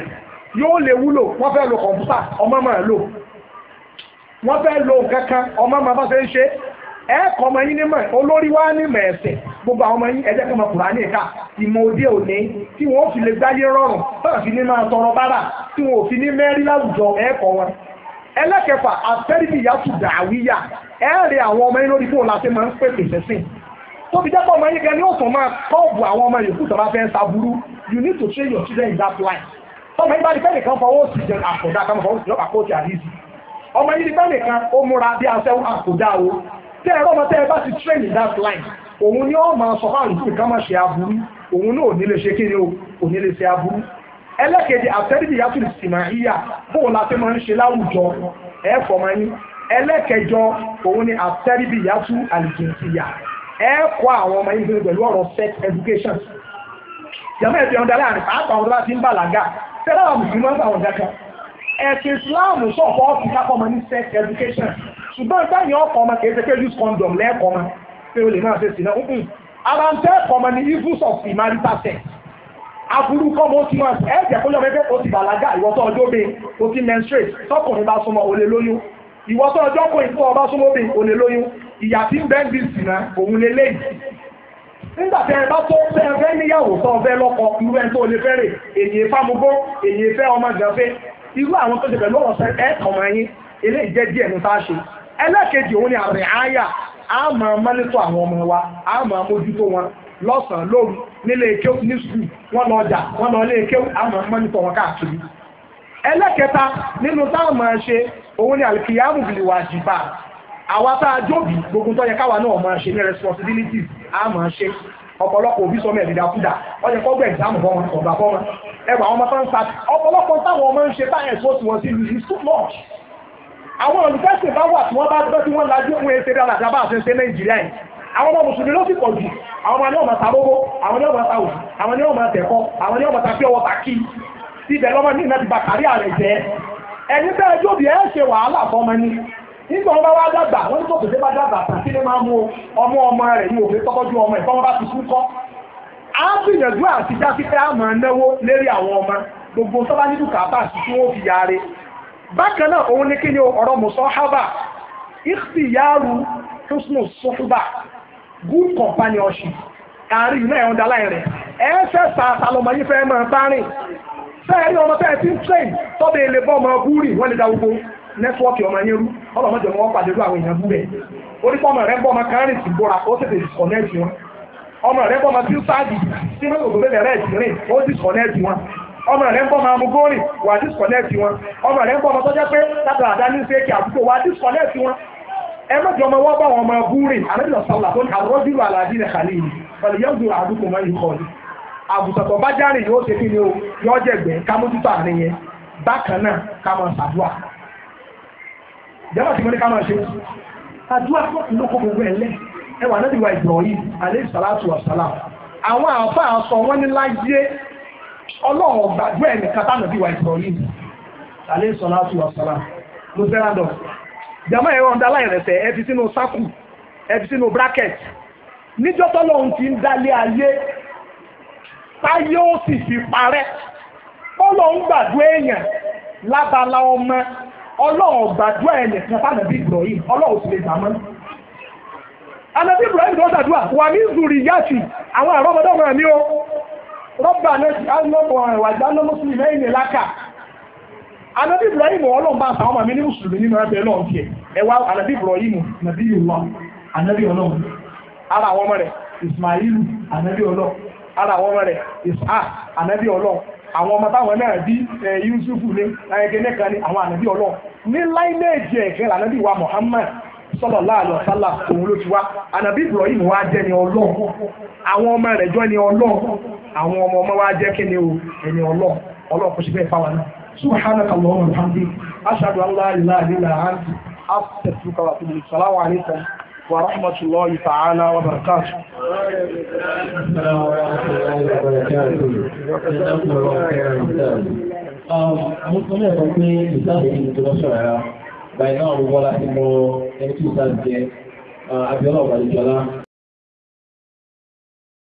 yóò lè wúlò wọ́n fẹ́ lo kọ̀ǹpútà ọmọ máa lò wọ́n fẹ́ lo nǹkan kan ọmọ máa bá ṣe ń ṣe ẹ̀ẹ́kọ́ ọmọ yín ní mọ̀ olórí wa ní mọ̀ ẹ̀sẹ̀ gbogbo àwọn ọmọ yín ẹ̀jẹ̀ kan mọ̀ kùránì ìka ìmọ̀ òde òní tí wọ́n fi lè gbáyé rọrùn báwọn fi ní máa tọrọ bára tí wọ́n fi ní mẹ́rí láwùjọ ẹ̀ẹ́kọ́ wọn. ẹlẹ́kẹ̀fà àtẹ́rìbì yàtù dàwíyà ẹ̀ẹ́rẹ̀ àwọn ọmọ yín lórí fóun la máa ń pè pèsè sí. tó fi jẹ́pọ̀ ọmọ yín gan ni ó tún máa kọ́ọ̀bù àwọn ọmọ yòókù tó bá fẹ́ saburú you need to train your children in that life ọmọ ìgbà nìkan nìkan fọwọ́ sí jẹ àkùdá kan fọwọ́ sí lọ́pàá kóòtù àdìsí ọmọ yìí nìkan nìkan ó múra bí aṣẹ àkùdá o tẹ ẹ̀rọ ọmọ tẹ ẹ bá ti train in that line òun ni ó máa sọ fáwọn ìlú nìkan máa ṣe aburú òun náà ò ní lè ṣe kí ni o ò ní lè ṣe aburú ẹlẹ́kẹ̀dẹ̀ àtẹ́rìbì yàtúrì sìmáyíyà bóun la fẹ́ máa ń ṣe láwùjọ ẹ fọmọ yín ẹlẹ́kẹjọ òun ni àtẹ́rìbì yàtú àlìjẹ̀ǹtìyà ẹ kọ́ àwọn ọmọ yín pẹ̀lú ọ̀rọ̀ sex education jẹ́mọ́ ẹ̀bí ọ̀dà láàrin pàápàá ọ̀dọ́ bá ti ń bàlágà tẹ́lá àwọn mùsùlùmí máa ń bàwọ̀ dáka ẹ̀sìn ìsìláàmù sọ̀pọ̀ ọ̀sìn kápọ̀ ọmọ ní sex education ṣùgbọ́n táyà ọkọ̀ ọmọ kìí ṣe pé use condom lẹ́ẹ̀kọ́ ọmọ pé o lè máa ṣe sìnà ń ara ń tẹ́ẹ̀kọ́ ọmọ ní evils of the marital sex aburú kọ́ mo ti máa ẹ̀ jẹ́ kóyọ̀ pé o ti bàlágà ìwọ́tọ̀ ọjọ́ bẹ́ẹ̀ o ti menstruate tọkùnrin bá súnmọ́ o lè lóyún ìwọ́tọ̀ ọjọ́ kò ìfọ́ ọba súnmọ́ bẹ́ẹ̀ o lè lóyún ìyà tí ń bẹ́ẹ̀ bí sìnà òun lè léyìí nígbàtẹ́ ẹ bá tó fẹ́ níyàwó tó fẹ́ lọ́kọ irú ẹni tó lè fẹ́rẹ̀ èyí fámugbó èyí fẹ́ ọmọ gànfẹ́ irú àwọn tó ṣe pẹ̀lú ọ̀rọ̀ sẹ ẹ kàn máa yín eléyìí jẹ́ díẹ̀ ní sáà ṣe ẹlẹ́ẹ̀kejì òun ni àrìn àáyà á máa mọ́nítọ̀ àwọn ọmọ wa á máa mójútó wọn lọ́sàn-án lóru nílé kéw ní sùúrù wọn lọ ọjà wọn lọ ni àlùkìyàmù á máa ṣe ọ̀pọ̀lọpọ̀ òbí sọmọ ẹ̀dìdà kúdà ọjọ́ kọ́gbẹ̀ ìdáàmù bọ́ wọn ọ̀gbà bọ́ wọn ẹwà ọmọ tó ń pa ọ̀pọ̀lọpọ̀ táwọn ọmọ ń ṣe báyẹn tó ti wọ́n sí ìlú so much àwọn olùfẹ́sìn bá wà tí wọ́n bá gbọ́ tí wọ́n lajú òun èsè dára àdábà àti ẹsẹ̀ Nàìjíríà yìí àwọn ọmọ mùsùlùmí ló sì pọ̀ jù àwọn ọmọ ní ọmọ ta gbogbo àwọn ní ọmọ ta òjì àwọn ní ọmọ tẹ̀kọ́ àwọn ní ọmọ ta fi ọwọ́ ta kí ibẹ̀ lọ́mọ ní ìnáti bàkàrí ààrẹ jẹ́ ẹni bẹ́ẹ̀ jóbi ẹ̀ ṣe wàhálà fọmọ ni nígbà wọn bá wá dàgbà wọn ní tòkòtò bá dàgbà tàbí ní máa mú ọmọ ọmọ rẹ̀ ní òfin tọ́kọ́jú ọmọ ìfọ́n bá ti kú kọ́ á gbìyànjú àti jásí pé á máa náwó lérí àwọn ọmọ gbogbo sọ́bá nínú kàbá àti tí wọ́n fi yaare bákan náà òun ní kí ni ọ̀rọ̀ mùsọ̀ hábà ìfìyàrú húsnù sọ́fúbà good companionship àárín ìlú ẹ̀hún dáláì rẹ̀ ẹ̀ẹ́sẹ̀ sàtà lọmọ yìí fẹ́ máa bá rìn fẹ́ẹ̀rí ọmọ fẹ́ẹ̀ tí ń train tọ́bẹ̀ ọmọ búrì wọ́n lè da gbogbo nẹ́tíwọ́ọ̀kì ọmọ yẹn rú ọlọ́mọdé wọn pàdé lú àwọn èèyàn búrẹ̀ orí pọ́mọ rẹ bọ́ ọmọ kárìn sí bóra ó tètè disconnect wọn ọmọ rẹ bọ́ ọmọ tí ó sáàdì tí wọ́n kò bẹ̀rẹ̀ rẹ̀ sí rìn ó disconnect wọn ọmọ rẹ ń bọ́ ọmọ amugórin wà disconnect wọn ọmọ rẹ ń bọ́ ọmọ tó jẹ́ pé látara àdá ní sẹ́kì àdúgbò wà disconnect wọn ẹ mọ̀ jọmọ wọ́n bá wọn ọmọ bá járìn yóò ṣe kí ni o yóò jẹ̀gbẹ́ jẹ́wọ́ tí mo ní ká máa ṣe àdúrà ló kó gbogbo ẹ̀ lẹ́ ẹwà náà ti wà Ibrahim alayhi salatu wa salam àwọn àfa sọ wọ́n ní láyé ọlọ́run gbàgbọ́ ẹ̀ nìkan táwọn ti wà Ibrahim alayhi salatu wa salam ló fẹ́ rádọ̀ jẹ́mọ́ ẹ̀rọ ọ̀dà láìrẹsẹ̀ ẹ fi sínú sákù ẹ fi sínú bracket níjọ́ tọ́lọ́run ti ń dálé ayé táyé ó sì fi parẹ́ ọlọ́run gbàgbọ́ èèyàn lábala ọmọ ọlọ́run gbàdúrà ẹ̀ nìkan Ibrahim ọlọ́run sì lè Ibrahim tó gbàdúrà wà ní zuri yáàtì àwọn àrọ́ ọmọdé ọmọ o rọ́bà náà mùsùlùmí lẹ́yìn ní Ibrahim bá sàwọn ọmọ mi ní mùsùlùmí nínú ẹgbẹ́ Ibrahim nàbí ara àwọn ọmọ ara àwọn ọmọ Ọlọ. àwọn ọmọ táwọn náà bí Yusufu ní ayẹkẹ́lẹ́ kan ní àwọn ànábì ọlọ́ ní láìléèjì ẹ̀kẹ́ lànàbí wa Muhammad sallallahu alaihi wasallam òun ló ti wá ànábì Ibrahim wá jẹ́ ni ọlọ́run àwọn ọmọ rẹ̀ jọ ni ọlọ́run àwọn ọmọ ọmọ wa jẹ́ kí ni o ẹni ọlọ́run ọlọ́run kò sí bẹ́ẹ̀ fáwọn náà subhanaka Allahumma wa bihamdika ashhadu an la ilaha illa anta astaghfiruka wa atubu ilayk assalamu alaikum ورحمة الله تعالى وبركاته السلام ورحمة الله وبركاته السلام ورحمة الله mo sọ mẹ́rin pé ìsáàbì ìlú tó lọ́ṣọ́ ẹ̀rá báyìí náà rúgbọ́lá ti mọ ẹni tí ìsáàbì jẹ́ uh, abiola ọ̀bàlẹ̀jọ́lá